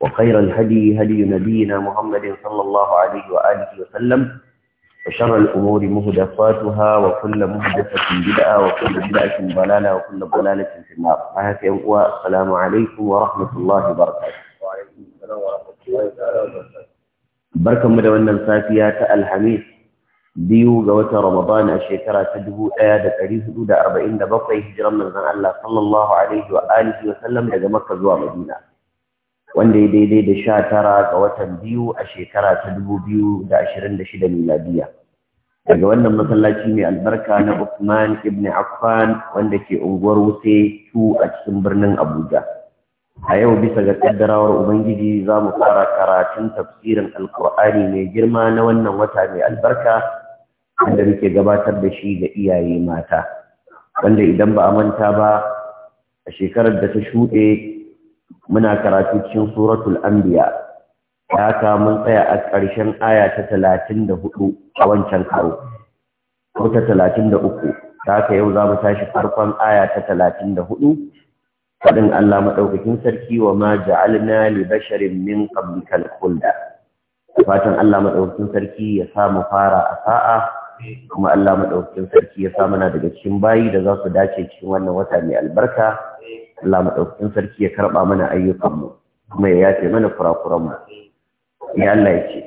وخير الهدي هدي نبينا محمد صلى الله عليه وآله وسلم وشر الأمور مهدفاتها وكل مهدفة بدعة وكل بدعة ضلالة وكل ضلالة في النار ما هكي السلام عليكم ورحمة الله وبركاته وعليكم السلام ورحمة الله وبركاته بارك بركة مدونا الفاتحة الحميد ديو جوات رمضان الشيكرة تدهو آيادة عليه دودة أربعين دبطي هجرا من الله صلى الله عليه وآله وسلم لجمكة زوا مدينة wanda ya daidai da sha tara ga watan biyu a shekara ta dubu biyu da ashirin da shida miladiya daga wannan masallaci mai albarka na Usman ibn Affan wanda ke unguwar Wuse su a cikin birnin Abuja a yau bisa ga kaddarawar Ubangiji za mu fara karatun tafsirin Alkur'ani mai girma na wannan wata mai albarka wanda muke gabatar da shi ga iyaye mata wanda idan ba a manta ba a shekarar da ta shuɗe muna karatu cikin suratul anbiya ya ka mun tsaya a ƙarshen aya ta talatin a wancan karo ko ta talatin uku ta haka yau za mu tashi farkon aya ta talatin da hudu Allah maɗaukakin sarki wa ma ja'alna li basharin min qablikal khulda fatan Allah maɗaukakin sarki ya sa mu fara a sa'a kuma Allah maɗaukakin sarki ya sa mana daga cikin bayi da za su dace cikin wannan wata mai albarka Allah madaukakin sarki ya karba mana ayyukanmu kuma ya yafe mana kurakuran mu ya Allah ya ce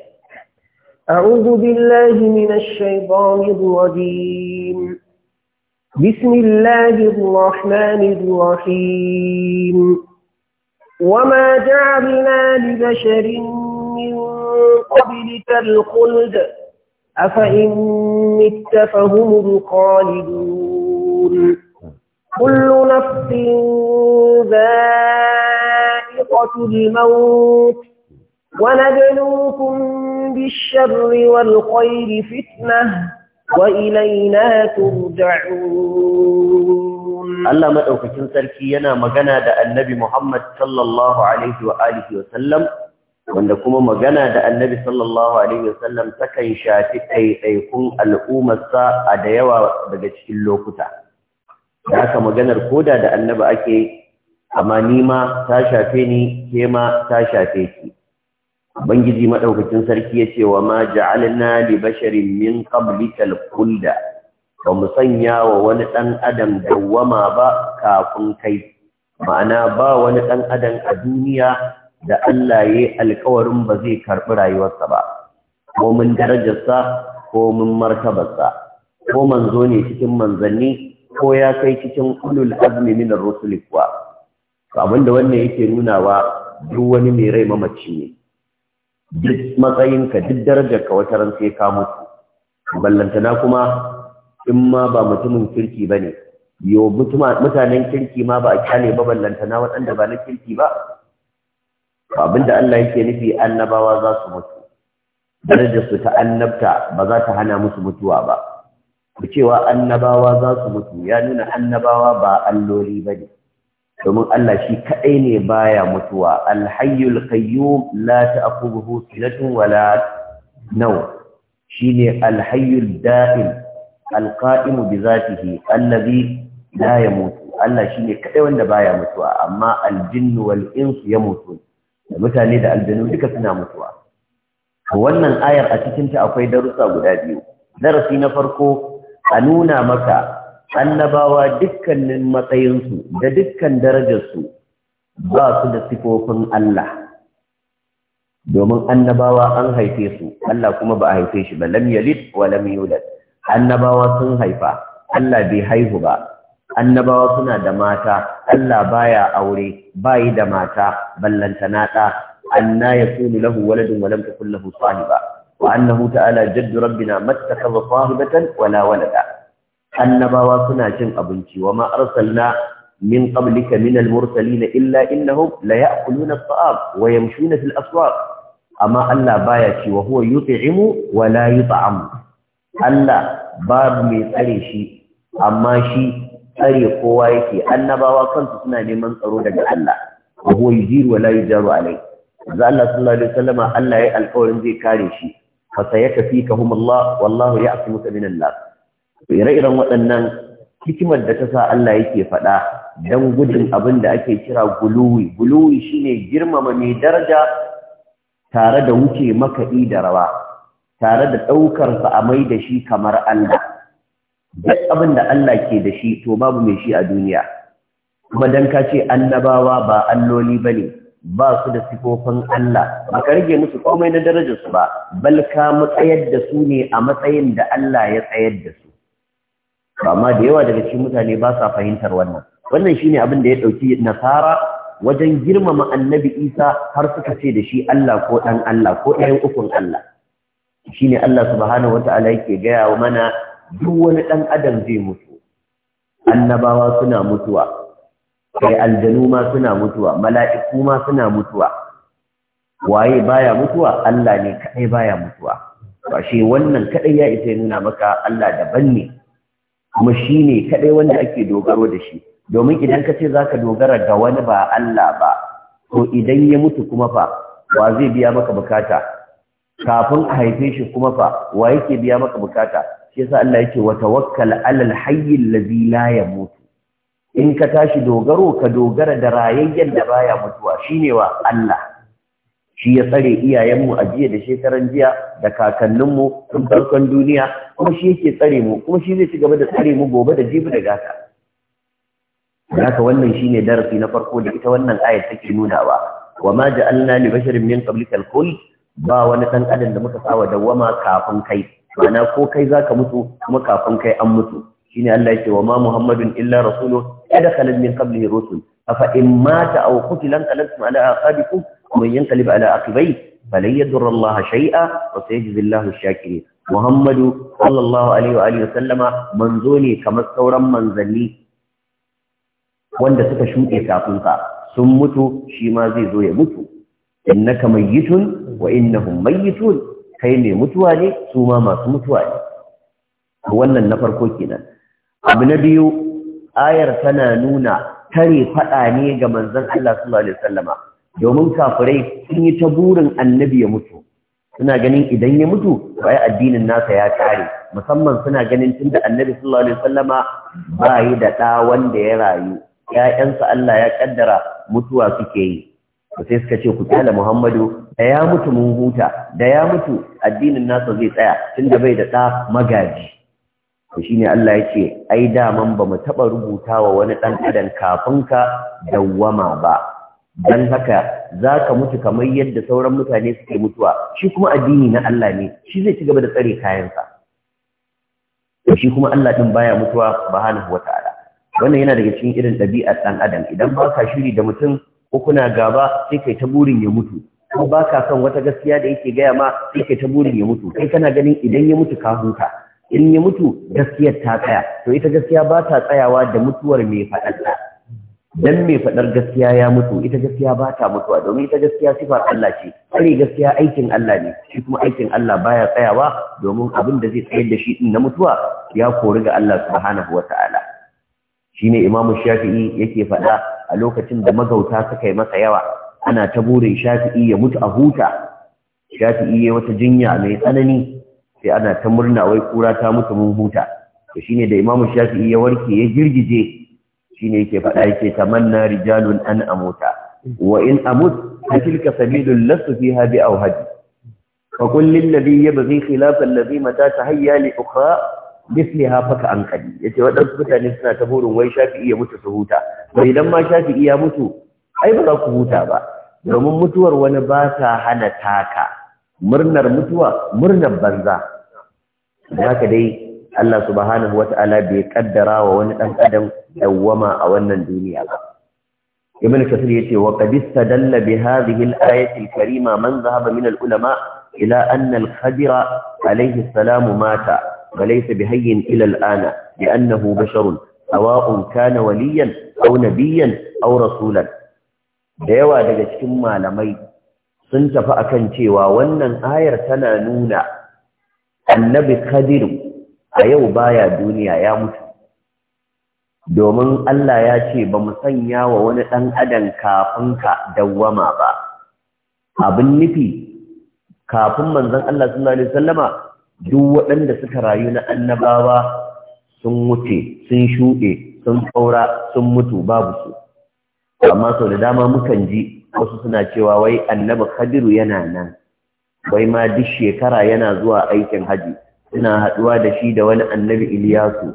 أعوذ بالله من الشيطان الرجيم بسم الله الرحمن الرحيم وما جعلنا لبشر من قبلك الخلد أفإن مت فهم الخالدون كل نفس ذائقة الموت ونبلوكم بالشر والخير فتنة وإلينا ترجعون الله ما أوكتن سركينا مغانا دا النبي محمد صلى الله عليه وآله وسلم wanda kuma magana da annabi sallallahu alaihi wasallam takan shafi ɗaiɗaikun al'ummarsa a da yawa daga cikin lokuta. Da haka maganar koda da annabi ake amma ni ma ta shafe ni ke ma ta shafe ki ubangiji madaukakin sarki yace wa ma ja'alna li basharin min qablikal khulda ba mu sanya wa wani dan adam dawama ba kafin kai ma'ana ba wani dan adam a duniya da Allah ya alƙawarin ba zai karbi rayuwarsa ba ko mun darajarsa ko mun martabarsa ko manzo ne cikin manzanni ko ya kai cikin ulul azmi min ar-rusul kuwa to abinda wannan yake nunawa duk wani mai rai mamaci ne duk matsayinka duk darajarka wata ran sai ka mutu ballantana kuma in ma ba mutumin kirki ba ne yo mutanen kirki ma ba a kyale ba ballantana waɗanda ba na kirki ba abinda Allah yake nufi annabawa za su mutu su ta annabta ba za ta hana musu mutuwa ba ku cewa annabawa za su mutu ya nuna annabawa ba alloli ba ne domin Allah shi kadai ne baya mutuwa alhayyul qayyum la ta'khudhuhu sinatun wala naw shine alhayyul da'im alqa'im bi zatihi allazi la yamut Allah shine kadai wanda baya mutuwa amma aljinnu wal insu da mutane da aljinnu duka suna mutuwa wannan ayar a cikin ta akwai darussa guda biyu darasi na farko a nuna maka annabawa dukkanin matsayinsu da dukkan darajarsu ba su da sifofin Allah domin annabawa an haife su Allah kuma ba a haife shi ba lam yalid wa lam yulad annabawa sun haifa Allah bai haihu ba annabawa suna da mata Allah baya aure bayi da mata ballanta nada anna yakunu lahu waladun wa lam takul lahu sahiba wa annahu ta'ala jaddu rabbina mattakhadha sahibatan wala walada annabawa suna cin abinci wa ma arsalna min qablika min al-mursalin illa innahum la ya'kuluna at-ta'am wa yamshuna fil aswaq amma Allah baya ci wa huwa yut'imu wa la yut'am Allah babu mai tsare shi amma shi tsare kowa yake annabawa kansu suna neman tsaro daga Allah wa huwa yujiru wa la yujaru alai za Allah sallallahu alaihi wasallam Allah yayi alƙawarin zai kare shi fa sayakfikahum Allah wallahu ya'simuka min an ire-iren waɗannan hikimar da ta sa Allah yake faɗa don gudun abin da ake kira guluwi guluwi shi ne girmama mai daraja tare da wuce makaɗi da rawa tare da ɗaukarsa a mai da shi kamar Allah duk abin da Allah ke da shi to babu mai shi a duniya kuma don ka ce annabawa ba alloli ba ne ba su da sifofin Allah ba ka rage musu komai na darajarsu ba bal ka matsayar da su ne a matsayin da Allah ya tsayar da su amma da yawa daga cikin mutane ba sa fahimtar wannan wannan shine abin da ya dauki nasara wajen girmama annabi isa har suka ce da shi Allah ko dan Allah ko ɗayan ukun Allah shine Allah subhanahu wataala yake gaya wa mana duk wani dan adam zai mutu annabawa suna mutuwa kai aljanu ma suna mutuwa mala'iku ma suna mutuwa waye baya mutuwa Allah ne kadai baya mutuwa to shi wannan kadai ya isa nuna maka Allah daban ne kuma shi ne kaɗai wanda ake dogaro da shi domin idan ka ce za ka dogara ga wani ba Allah ba ko idan ya mutu kuma fa wa zai biya maka bukata kafin a haife shi kuma fa wa yake biya maka bukata shi yasa Allah yake wa tawakkal alal hayy allazi la yamut in ka tashi dogaro ka dogara da rayayyen da baya mutuwa shine wa Allah shi ya tsare iyayenmu a jiya da shekaran jiya da kakanninmu tun farkon duniya kuma shi yake tsare mu kuma shi zai ci gaba da tsare mu gobe da jibi da gata haka wannan shine darasi na farko da ita wannan ayar take nunawa wa ma ja'alna li basharin min qablika al ba wani dan adam da muka sawa dawama kafin kai ma'ana ko kai zaka mutu kuma kafin kai an mutu shine Allah yake wa ma Muhammadu illa rasulun qad khalat min qablihi rusul afa in mata aw qutila a ala aqabikum ومن ينقلب على عقبيه فلن يضر الله شيئا وسيجزي الله الشاكرين محمد صلى الله عليه واله وسلم منزوني كما sauran manzanni wanda suka shuɗe kafin sun mutu shi ma zai zo ya mutu innaka mayyitun wa innahum mayyitun kai ne mutuwa ne su ma masu mutuwa ne wannan na farko kenan abu na biyu ayar tana nuna tare faɗa ne ga manzon Allah sallallahu alaihi wasallama domin kafirai sun yi ta burin annabi ya mutu suna ganin idan ya mutu bai addinin nasa ya kare musamman suna ganin tunda annabi sallallahu alaihi wasallama ba yi da ɗa wanda ya rayu ƴaƴansa Allah ya kaddara mutuwa suke yi sai suka ce ku kyala Muhammadu da ya mutu mun huta da ya mutu addinin nasa zai tsaya tunda bai da ɗa magaji to shine Allah yake ai daman ba mu taɓa rubuta wa wani ɗan adam kafin ka dawwama ba dan haka za ka mutu kamar yadda sauran mutane suke mutuwa shi kuma addini na Allah ne shi zai ci gaba da tsare kayansa shi kuma Allah din baya mutuwa subhanahu ta'ala wannan yana daga cikin irin ɗabi'ar ɗan adam idan ba ka shiri da mutum ko kuna gaba sai kai ta burin ya mutu ko ba ka son wata gaskiya da yake gaya ma sai kai ta burin ya mutu kai kana ganin idan ya mutu ka huta in ya mutu gaskiyar ta tsaya to ita gaskiya ba ta tsayawa da mutuwar mai faɗaɗa dan mai faɗar gaskiya ya mutu ita gaskiya ba ta mutuwa domin ita gaskiya sifar Allah ce tsare gaskiya aikin Allah ne shi kuma aikin Allah baya tsayawa domin abin da zai tsayar da shi din na mutuwa ya kori ga Allah subhanahu wata'ala shine Imam Shafi'i yake faɗa a lokacin da magauta suka yi masa yawa ana ta burin Shafi'i ya mutu a huta Shafi'i ya wata jinya mai tsanani sai ana ta murna wai kura ta mutu mun huta to shine da Imam Shafi'i ya warke ya girgije ne yake faɗa yake tamanna rijalun an amuta wa in amut a tilka sabilul lasu fiha bi awhad fa qul lil ladhi yabghi khilaf alladhi mata tahayya li ukhra misliha faka an kadi yace waɗansu mutane suna ta burin wai shafi'i ya mutu su huta to idan ma shafi'i ya mutu ai ba za ku huta ba domin mutuwar wani ba ta hana taka murnar mutuwa murnar banza da haka dai Allah subhanahu wata'ala bai kaddara wa wani dan adam dawwama a wannan duniya ba ibn kasir yace wa qad istadalla bi hadhihi al-ayati al-karima man dhahaba min al-ulama ila anna al-khadira alayhi salam mata wa laysa bihayyin ila al-ana bi annahu basharun sawa'un kana waliyan aw nabiyyan aw rasulan da yawa daga cikin malamai sun tafi akan cewa wannan ayar tana nuna annabi khadiru a yau baya duniya ya mutu domin Allah ya ce ba mu sanya wa wani ɗan adam kafin ka dawwama ba abin nufi kafin manzon Allah sallallahu alaihi wasallama duk waɗanda suka rayu na annabawa sun wuce sun shuɗe sun tsaura sun mutu babu su amma sau da dama mukan ji wasu suna cewa wai annabi khadiru yana nan wai ma duk shekara yana zuwa aikin haji suna haɗuwa da shi da wani annabi Iliyasu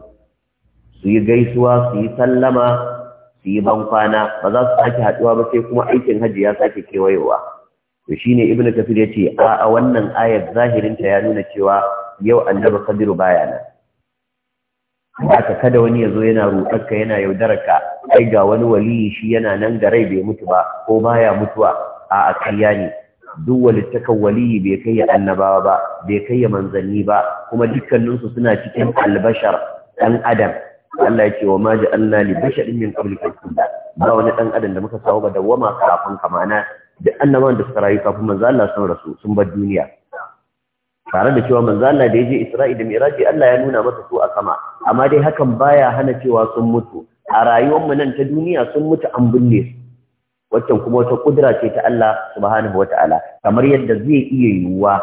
su yi gaisuwa su yi sallama su yi bankwana ba za su sake haɗuwa ba sai kuma aikin hajji ya sake kewayowa to shine ibnu kafir yace a a wannan ayar zahirinta ya nuna cewa yau annabi khadiru baya nan haka kada wani ya zo yana rukarka yana yaudararka ai ga wani waliyi shi yana nan ga rai bai mutu ba ko baya mutuwa a a ne duk walittakan waliyi bai kai ya annabawa ba bai kai ya manzanni ba kuma dukkaninsu suna cikin albashar ɗan adam Allah ya ce wa ma ja'alna li basharin min kullu ba wani ɗan adam da muka sawo ba wama kafin ka ma'ana duk annaban da suka rayu kafin manzo Allah sun rasu sun bar duniya tare da cewa manzo Allah da ya je Isra'i da Miraji Allah ya nuna masa su a sama amma dai hakan baya hana cewa sun mutu a rayuwar mu nan ta duniya sun mutu an binne su waccan kuma wata kudura ce ta Allah subhanahu wata'ala kamar yadda zai iya yiwuwa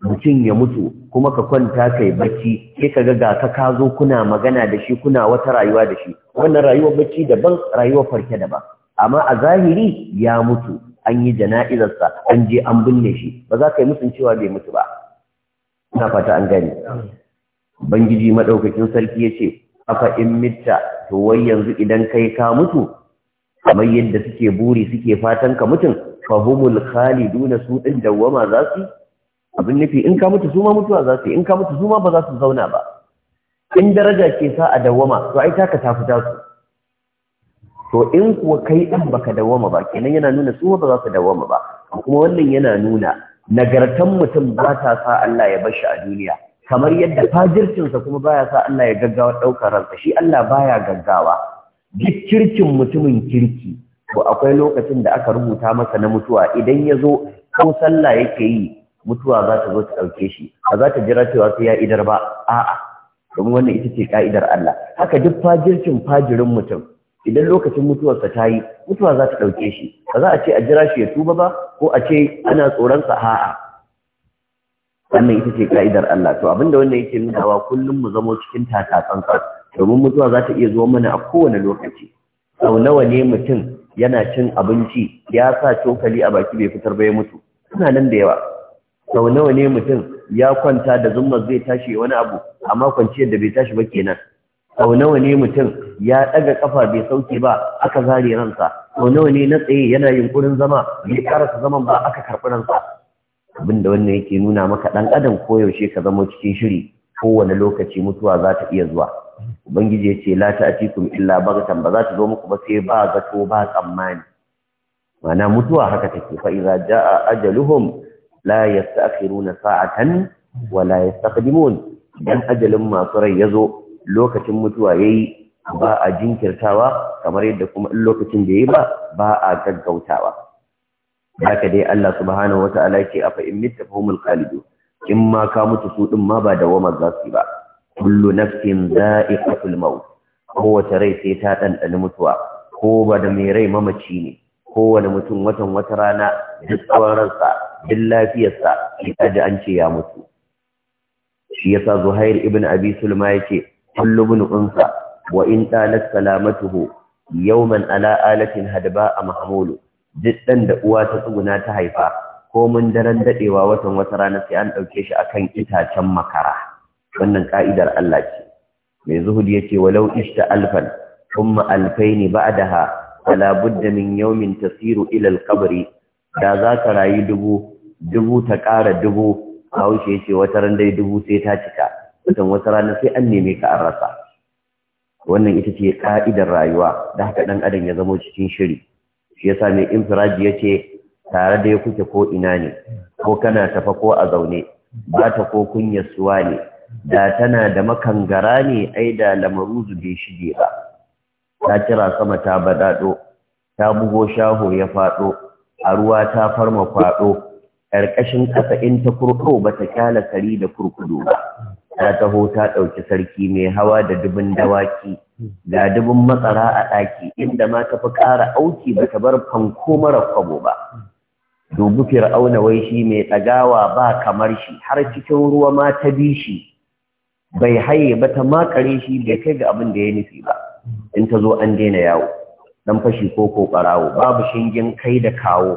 mutum ya mutu kuma ka kwanta kai bacci sai ka ga ka ka zo kuna magana da shi kuna wata rayuwa da shi wannan rayuwar bacci daban rayuwar farke daban amma a zahiri ya mutu an yi jana'izarsa an je an binne shi ba za ka yi musun cewa bai mutu ba ina fata an gani Bangiji madaukakin sarki yace afa in mitta to wai yanzu idan kai ka mutu kamar yadda suke buri suke fatan ka mutum khalidu khaliduna su din dawama za su abin nufi in ka mutu zuma mutuwa za su in ka mutu zuma ba za su zauna ba in daraja ke sa a dawama to ai taka ta su to in kuwa kai din baka dawama ba kenan yana nuna su ma ba za su dawama ba kuma wannan yana nuna nagartan mutum ba ta sa Allah ya bar a duniya kamar yadda fajircinsa kuma baya sa Allah ya gaggawa ɗaukar ransa shi Allah baya gaggawa duk kirkin mutumin kirki to akwai lokacin da aka rubuta masa na mutuwa idan ya zo ko sallah yake yi mutuwa za ta zo ta ɗauke shi ba za ta jira cewa sai ya idar ba a'a domin wannan ita ce ka'idar Allah haka duk fajircin fajirin mutum idan lokacin mutuwarsa ta yi mutuwa za ta ɗauke shi ba za a ce a jira shi ya tuba ba ko a ce ana tsoronsa a'a wannan ita ce ka'idar Allah to abinda wannan yake nunawa kullum mu zamo cikin takatsantsan domin mutuwa za ta iya zuwa mana a kowane lokaci sau nawa ne mutum yana cin abinci ya sa cokali a baki bai fitar bai mutu suna nan da yawa sau nawa ne mutum ya kwanta da zumma zai tashi wani abu amma kwanciyar da bai tashi ba kenan sau nawa ne mutum ya ɗaga ƙafa bai sauke ba aka zare ransa sau nawa ne na tsaye yana yunkurin zama bai karasa zaman ba aka karɓi ransa abin da wannan yake nuna maka ɗan adam koyaushe ka zama cikin shiri kowane lokaci mutuwa za ta iya zuwa ubangiji ya ce la ta'tikum illa baghatan ba za ta zo muku ba sai ba gato ba tsammani mana mutuwa haka take fa idza jaa ajaluhum la yasta'khiruna sa'atan wa la yastaqdimun dan ajalin masu rai yazo lokacin mutuwa yayi ba a jinkirtawa kamar yadda kuma in lokacin da yayi ba ba a gaggautawa haka dai Allah subhanahu wata'ala yake afa in mitta fahumul in ma ka mutu su din ma ba da za su ba kullu nafsin za'iqatul maut kowace rai sai ta ɗanɗani mutuwa ko ba da mai rai mamaci ne kowane mutum watan wata rana duk tsawon ransa duk lafiyarsa ya ji an ce ya mutu shi yasa zuhair ibn abi sulma yake kullu bin unsa wa in talat salamatuhu yawman ala alatin hadba a mahmulu duk dan da uwa ta tsuguna ta haifa ko mun daren dadewa watan wata rana sai an dauke shi akan itacen makara wannan ka'idar Allah ce mai zuhudi yace walau ista alfan thumma da ba'daha fala budda min yawmin tasiru ila alqabri da za ka rayu dubu dubu ta ƙara dubu haushe yace wata ran dai dubu sai ta cika mutum wata rana sai an neme ka an rasa wannan ita ce ka'idar rayuwa da haka dan adam ya zama cikin shiri shi yasa mai infiraji yace tare da ya kuke ko ina ne ko kana tafa ko a zaune ba ta ko kunya suwa ne da tana da makangara ne ai da lamaruzu bai shige ba ta kira sama ta baɗaɗo, ta bugo shaho ya faɗo a ruwa ta farma faɗo ƙarƙashin ƙasa in ta kurko ba ta kyala kari da kurkudu ba ta taho ta ɗauki sarki mai hawa da dubin dawaki ga dubin matsara a ɗaki inda ma ta fi ƙara auki ba ta bar fanko mara kwabo ba dubu fir'auna wai shi mai ɗagawa ba kamar shi har cikin ruwa ma ta bi shi bai haye ba ta makare shi da kai ga abin da ya nufi ba in ta zo an daina yawo dan fashi ko ko barawo babu shingen kai da kawo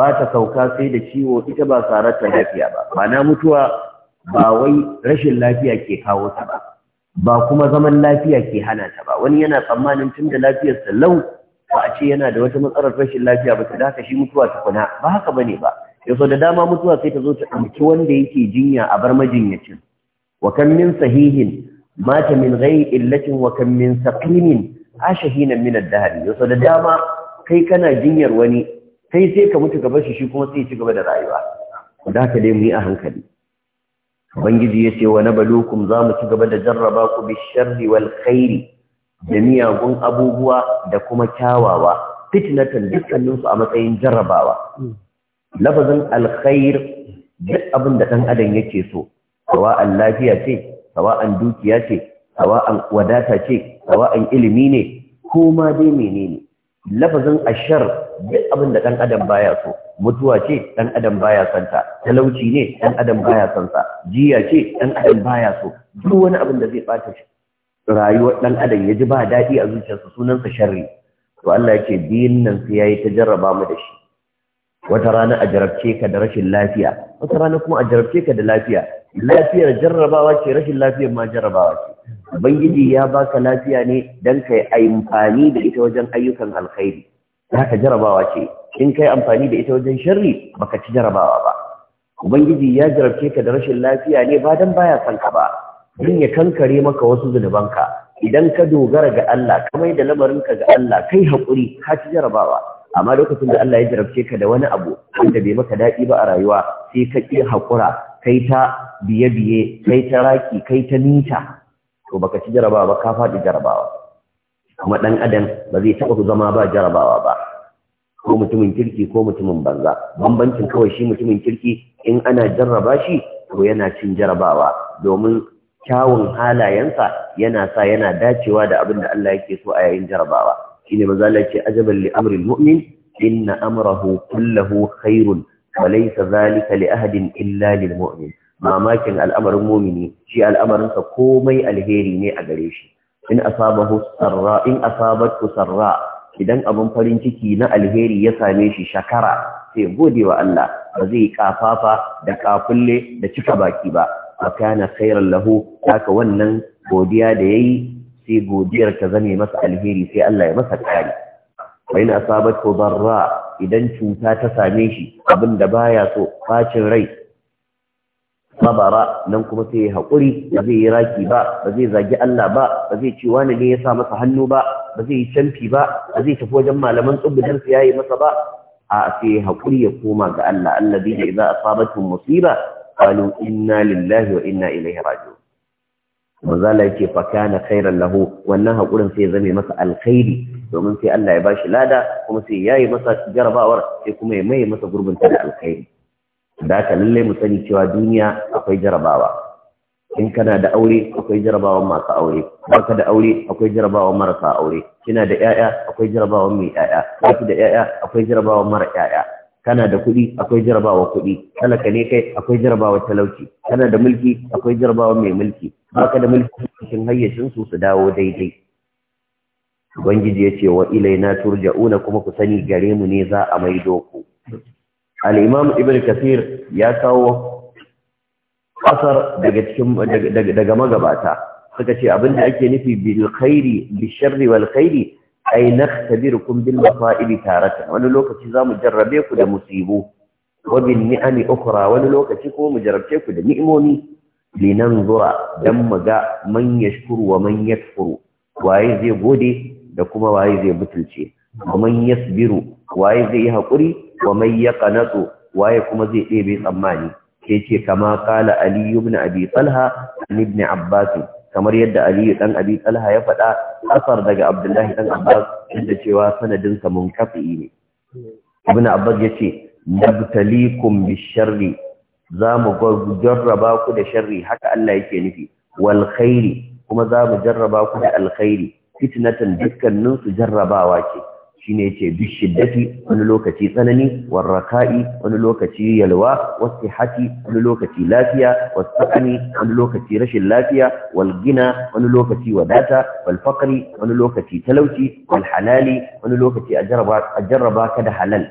ba ta sauka sai da ciwo ita ba sarar ta lafiya ba mana mutuwa ba wai rashin lafiya ke kawo ta ba ba kuma zaman lafiya ke hana ta ba wani yana tsammanin tun da lafiyar sa lau ba a ce yana da wata matsalar rashin lafiya ba ta da haka shi mutuwa ta kuna, ba haka bane ba yaso da dama mutuwa sai ta zo ta ɗauki wanda yake jinya a bar majinyacin wa min sahihin mata min ghairi illatin wa kam min saqimin ashahina min ad-dahr yau da dama kai kana jinyar wani kai sai ka mutu gaba shi shi kuma sai ci gaba da rayuwa da haka dai mu yi a hankali Bangiji ya ce wa nabalukum za mu ci gaba da jarraba ku bisharri khairi da miyagun abubuwa da kuma kyawawa fitnatan dukkaninsu a matsayin jarrabawa hmm. lafazin alkhair duk abin da dan adam yake so sawa'an lafiya ce sawa'an dukiya ce sawa'an wadata ce sawa'an ilimi ne ko ma dai menene lafazin ashar duk abin da ɗan adam baya so mutuwa ce ɗan adam baya santa talauci ne ɗan adam baya santa, jiya ce ɗan adam baya so duk wani abin da zai bata rayuwar ɗan adam ya ji ba daɗi a zuciyarsa sunansa sharri to Allah ya ce biyun nan sai yi ta jarraba mu da shi wata rana a jarabce ka da rashin lafiya wata rana kuma a jarabce ka da lafiya lafiyar jarrabawa ce rashin lafiyar ma jarrabawa ce ubangiji ya baka lafiya ne dan kai amfani da ita wajen ayyukan alkhairi haka jarrabawa ce in kai amfani da ita wajen sharri baka ci jarrabawa ba ubangiji ya jarabce ka da rashin lafiya ne ba dan baya son ka ba din ya kankare maka wasu zunubanka idan ka dogara ga Allah ka mai da ka ga Allah kai hakuri ka ci jarrabawa. amma lokacin da Allah ya jarabce ka da wani abu wanda bai maka daɗi ba a rayuwa sai ka ki haƙura kai ta biye-biye kai ta raki kai ta nita to baka ci jarabawa ba ka faɗi jarabawa kuma ɗan adam ba zai taɓa zama ba jarabawa ba ko mutumin kirki ko mutumin banza bambancin kawai shi mutumin kirki in ana jarraba shi to yana cin jarabawa, domin kyawun halayensa yana sa yana dacewa da abin da Allah yake so a yayin jarrabawa shine maza Allah yake ajaban li amril mu'min inna amrahu kullahu khairun wa laysa zalika li ahadin illa lil mu'min mamakin al'amarin mumini shi al'amarinsa komai alheri ne a gare shi in asabahu sarra sarra idan abin farin ciki na alheri ya same shi shakara sai gode wa Allah ba zai kafafa da kafulle da cika baki ba a kana khairan lahu haka wannan godiya da yayi sai godiyar ta zame masa alheri sai Allah ya masa kari wa in asabatku darra idan cuta ta same shi abin da baya so bacin rai sabara nan kuma sai ya haƙuri ba zai yi raki ba ba zai zagi Allah ba ba zai ce wani ne ya sa masa hannu ba ba zai yi canfi ba ba zai tafi wajen malaman tsubbidan su yayi masa ba a sai ya haƙuri ya koma ga Allah Allah allazi da idza asabatuhum musiba qalu inna lillahi wa inna ilaihi raji'un manzo yake fa kana khairan lahu wannan haƙurin sai ya zame masa alkhairi domin sai Allah ya bashi lada kuma sai yayi masa jarabawar sai kuma ya mai masa gurbin ta da alkhairi da ka lalle mu sani cewa duniya akwai jarabawa in kana da aure akwai jarabawan masu aure baka da aure akwai jarabawan marasa aure kina da yaya akwai jarabawan mai yaya baki da yaya akwai jarabawan mara yaya kana da kuɗi akwai jarabawa kuɗi talaka ne kai akwai jarabawa talauci kana da mulki akwai jarabawa mai mulki baka da mulki cikin hayyacin su su dawo daidai ubangiji ya ce wa ilaina turja'una kuma ku sani gare mu ne za a maido ku al-imam ibn kathir ya kawo ƙasar daga magabata suka ce abinda ake nufi bil khairi A sharri wal khairi ay nakhtabirukum bil taratan wani lokaci zamu jarrabe ku da musibo? wa bin ni'ami ukhra wani lokaci ko mu jarrabce ku da ni'imomi linanzura dan muga man yashkuru wa man yakfuru waye zai gode da kuma waye zai butulce man yasbiru waye zai yi haƙuri? wa mai ya kanatu waye kuma zai ɗebe tsammani ke ce kama kala Ali ibn Abi Talha ibn Abbas kamar yadda Ali dan Abi Talha ya faɗa asar daga Abdullahi dan Abbas inda cewa sanadin sa munkafi ne Ibn Abbas yace nabtalikum bisharri zamu jarraba ku da sharri haka Allah yake nufi wal khairi kuma zamu jarraba ku da alkhairi fitnatan dukkanin su jarrabawa ke. shine yace bi shiddati wani lokaci tsanani warraka'i wani lokaci yalwa wasihati wani lokaci lafiya wasu wasaqani wani lokaci rashin lafiya walgina wani lokaci wadata walfakari wani lokaci talauci walhalali wani lokaci ajarba ajarba ka da halal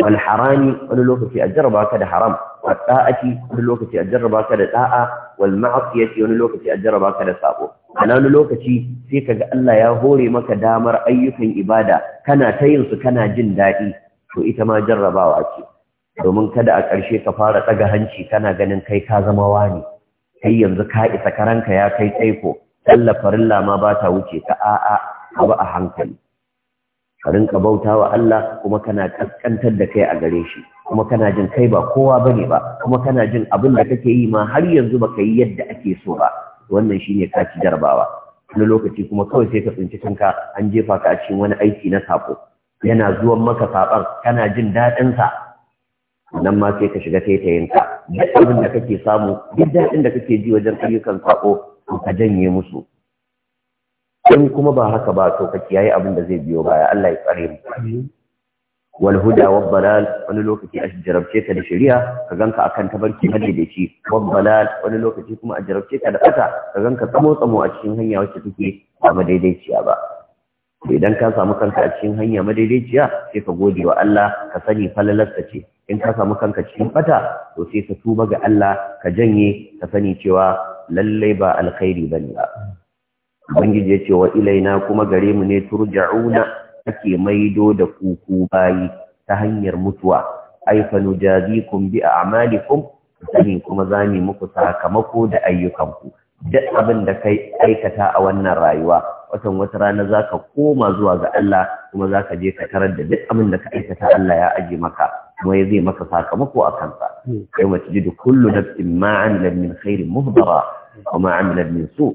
والحرام wani lokaci a jarraba ka da haram والطاعه wani lokaci a jarraba ka da da'a والمعصيه wani lokaci a jarraba ka da sabo a wani lokaci sai kaga Allah ya hore maka damar ayyukan ibada kana ta yin su kana jin daɗi to ita ma jarrabawa ce domin kada a ƙarshe ka fara ɗaga hanci kana ganin kai ka zama wani kai yanzu ka isa karanka ya kai tsaiko tallafarin lama ba ta wuce ka a'a ba a hankali ka rinka bauta wa Allah kuma kana kaskantar da kai a gare shi kuma kana jin kai ba kowa bane ba kuma kana jin abin da kake yi ma har yanzu baka yi yadda ake so ba wannan shi ne ci jarabawa wani lokaci kuma kawai sai ka tsinci kanka an jefa ka a cikin wani aiki na sako yana zuwan maka saɓar kana jin daɗinsa. nan ma sai ka shiga taitayinka duk abin da kake samu duk daɗin da kake ji wajen ayyukan sako ka janye musu in kuma ba haka ba to ka kiyaye abin da zai biyo baya Allah ya tsare mu wal huda wani lokaci a jarabce ka da shari'a ka ganka akan tabarki madaidaici wal wani lokaci kuma a jarabce ka da ƙasa ka ganka tsamo tsamo a cikin hanya wacce take ba madaidaiciya ba idan ka samu kanka a cikin hanya madaidaiciya sai ka gode wa Allah ka sani falalarsa ce in ka samu kanka cikin bata to sai ka tuba ga Allah ka janye ka sani cewa lallai ba alkhairi bane ba ubangiji ya ce wa ilaina kuma gare mu ne turja'una ake maido da kuku bayi ta hanyar mutuwa ai fa nujazikum bi a'malikum sani kuma zamu muku sakamako da ayyukanku duk abin da kai aikata a wannan rayuwa watan wata rana zaka koma zuwa ga Allah kuma zaka je ka tarar da duk abin da ka aikata Allah ya aje maka kuma ya zai maka sakamako a kansa hmm. kai mace jidu kullu nafsin ma amilat min khairin muhdara wa ma amilat min su'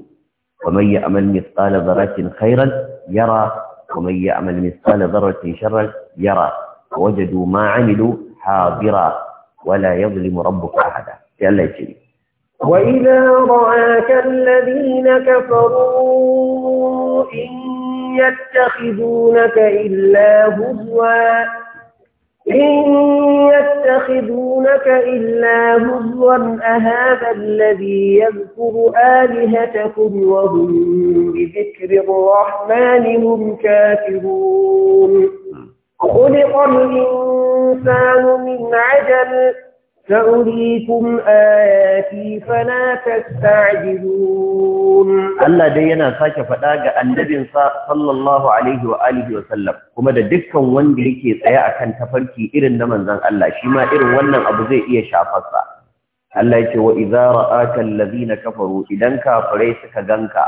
ومن يعمل مثقال ذرة خيرا Yara. ومن يعمل مثقال ذرة شرا يرى وجدوا ما عملوا حاضرا ولا يظلم ربك أحدا الله يجري وإذا رآك الذين كفروا إن يتخذونك إلا هزوا إن يتخذونك إلا هزوا أهذا الذي يذكر آلهتكم وهم بذكر الرحمن هم كافرون نعم. خلق الإنسان من عجل سأريكم آياتي فلا تستعجلون الله دي yana sake faɗa ga annabin sallallahu alaihi wa alihi wa sallam kuma da dukkan wanda yake tsaye akan tafarki irin na manzon Allah shima irin wannan abu zai iya shafar sa Allah yake wa idza ra'aka alladhina kafaru idan kafirai suka ka,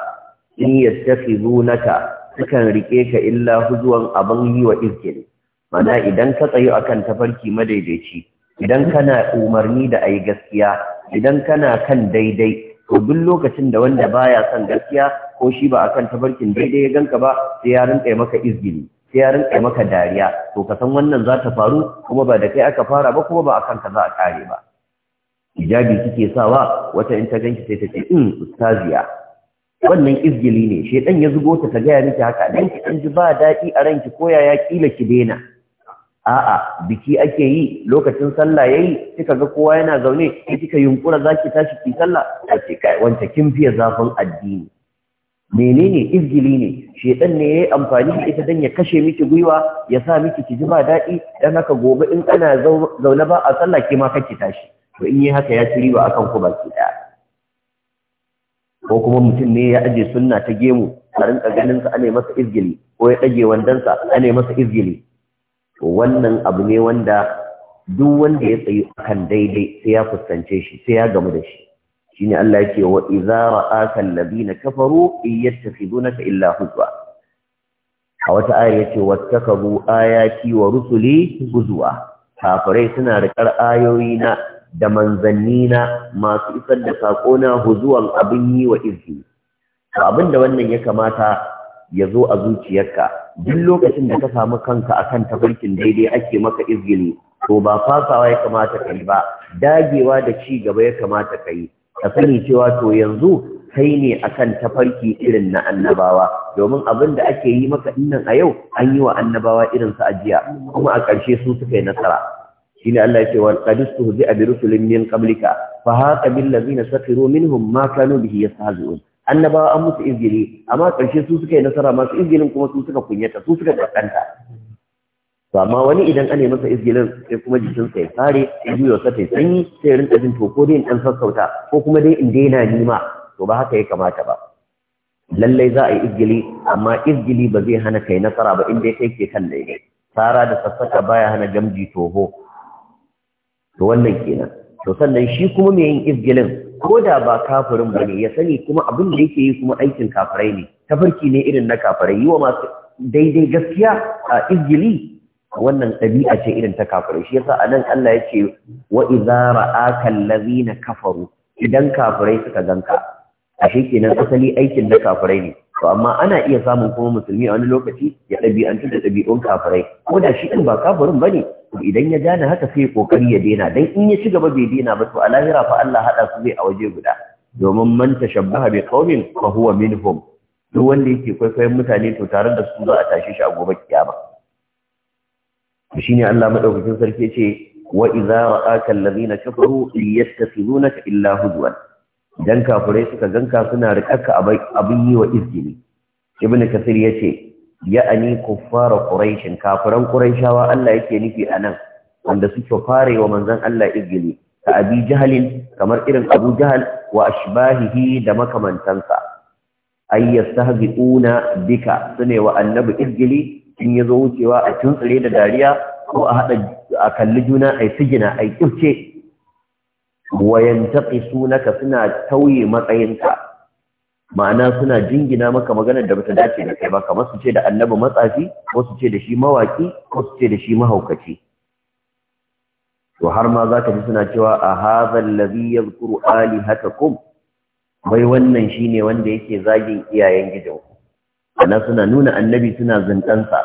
in yastakhizunaka sukan riƙe ka illa huzwan abun yiwa wa izgil mana idan ka tsaye akan tafarki madaidaici idan kana umarni da ayi gaskiya idan kana kan daidai to duk lokacin da wanda baya son gaskiya ko shi ba a kan tabarkin daidai ya ganka ba sai ya rinka maka izgili sai ya rinka maka dariya to ka san wannan za ta faru kuma ba da kai aka fara ba kuma ba akan ka za a kare ba hijabi kike sawa wata in ta ganki sai ta ce in hmm, ustaziya wannan izgili ne shedan ya zubo ta ta gaya miki haka dan ki ji ba daɗi a ranki ko yaya kila ki daina a'a biki ake yi lokacin sallah yayi kika ga kowa yana zaune sai kika yunkura zaki tashi ki sallah kace kai wanda kin fiye zafin addini menene izgili ne shedan ne yayi amfani da ita dan ya kashe miki gwiwa ya sa miki ki ji ba dadi dan haka gobe in kana zaune ba a sallah ki ma kake tashi to in yi haka ya ci riba akan ku baki daya ko kuma mutum ne ya aje sunna ta gemu a rinka ganin sa ane masa izgili ko ya dage wandansa ane masa izgili wannan abu ne wanda duk wanda ya tsayi akan daidai sai ya fuskance shi sai ya gamu da shi shine Allah yake wa idza ra'aka alladhina kafaru yattakhidunaka illa huzwa a wata aya yace wattakabu ayati wa rusuli huzwa kafirai suna rikar ayoyi na da manzanni na masu isar da sakona na huzuwan abin yi wa izini to abinda wannan ya kamata ya zo a zuciyarka duk lokacin da ka samu kanka akan tafarkin daidai ake maka izgili to ba fasawa ya kamata ka yi ba dagewa da ci gaba ya kamata ka yi ka sani cewa to yanzu kai ne akan tafarki irin na annabawa domin abin da ake yi maka innan a yau an yi wa annabawa irin su ajiya kuma a ƙarshe su suka yi nasara shine Allah ya ce wa qadistu bi rusulin min qablika fa haqa bil ladzina sakhiru minhum ma kanu bihi yastahzi'un annabawa an musu izini amma ƙarshe su suka yi nasara masu izinin kuma su suka kunyata su suka kaskanta to amma wani idan ana masa izinin sai kuma jikin sai ya sare juyo sa tai sanyi sai ya rinka jin to ko dai in dan sassauta ko kuma dai in daina nima to ba haka ya kamata ba lallai za a yi izgili amma izgili ba zai hana kai nasara ba inda kai ke kan daidai sara da sassaka baya hana gamji toho to wannan kenan to sannan shi kuma mai yin izgilin ko da ba kafirin ba ne ya sani kuma abin da yake yi kuma aikin kafirai ne tafarki ne irin na kafirai yi wa masu daidai gaskiya a izgili wannan ɗabi'a ce irin ta kafirai shi yasa a nan Allah ya ce wa idza ra'aka allazina kafaru idan kafirai suka ganka ashe kenan asali aikin na kafirai ne to amma ana iya samun kuma musulmi a wani lokaci ya ɗabi'antu da ɗabi'un kafirai ko da shi ɗin ba kafirin ba ne idan ya gane haka sai ƙoƙari ya daina don in ya ci gaba bai daina ba to a lahira fa Allah haɗa su zai a waje guda domin man shabbaha bai kaumin fa huwa minhum duk wanda yake kwaikwayon mutane to tare da su za a tashi shi a gobe kiyama shine Allah madaukakin sarki ce wa idza ra'aka allazina kafaru ka illa hudwan dan kafirai suka ganka suna rikaka abin yi wa izgili ibn kasir ya ce ya'ani kuffara quraishin kafiran quraishawa Allah yake nufi anan wanda suke fare wa manzon Allah izgili ka abi jahalin kamar irin abu jahal wa ashbahihi da makamantansa ay yastahbiuna bika sune wa annabi izgili in yazo wucewa a tuntsire da dariya ko a hada a kalli juna ai sigina ai kirce sunaka suna tauye matsayinka ma'ana suna jingina maka maganar da bata dace da kai ba kamar su ce da annabi matsafi ko su ce da shi mawaki ko su ce da shi mahaukaci to har ma za ka ji suna cewa a zukuru Ali haka kum bai wannan shine wanda yake zagin iyayen gidan ana suna nuna annabi suna zintansa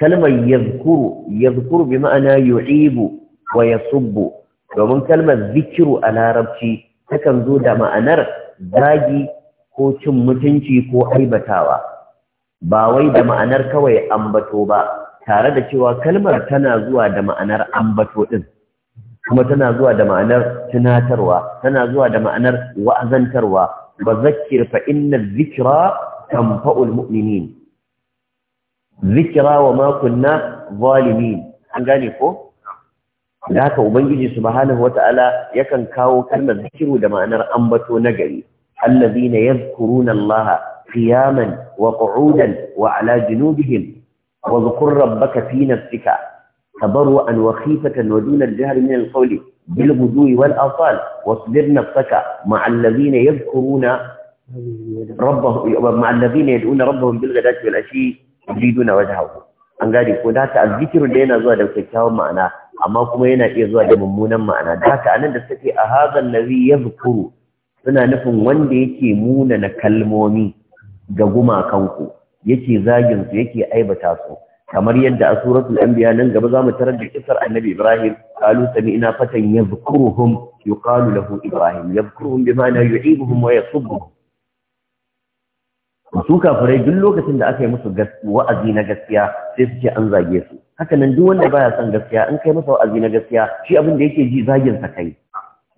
kalmar ya zukuru bi ma'ana yu'ibu wa yasubbu domin kalmar zikiru a larabci takan zo da ma'anar zagi ko cin mutunci ko aibatawa ba wai da ma'anar kawai ambato ba tare da cewa kalmar tana zuwa da ma'anar ambato din kuma tana zuwa da ma'anar tunatarwa tana zuwa da ma'anar wa'azantarwa ba zakir fa inna zikra tanfa'ul mu'minin zikira wa ma kunna zalimin an gane ko da haka ubangiji subhanahu wata'ala yakan kawo kalmar zikiru da ma'anar ambato nagari allazina yadhkuruna allaha qiyaman wa qu'udan wa ala junubihim wa dhkur rabbaka fi nafsika tabarruan wa khifatan wa duna al-jahri min al-qawli bil ghudwi wal asal wasbir nafsaka ma'a allazina yadhkuruna rabbahum ma'a allazina yad'una rabbahum bil ghadati wal ashi yuriduna wajhahu an gadi ko da ta zikiru da yana zuwa da kyakkyawan ma'ana amma kuma yana iya zuwa da mummunan ma'ana da haka anan da suke a hazan nazi ya zukuru suna nufin wanda yake muna na kalmomi ga gumakanku yake zagin su yake aibata su kamar yadda a suratul anbiya nan gaba zamu tarar da kisar annabi ibrahim qalu sami'na fatan yadhkuruhum yuqalu lahu ibrahim yadhkuruhum bima la yu'ibuhum wa yasubbuhum su kafirai duk lokacin da aka yi musu wa'azi na gaskiya sai suke an zage su haka nan duk wanda baya son gaskiya in kai masa wa'azi na gaskiya shi abin da yake ji zagin sa kai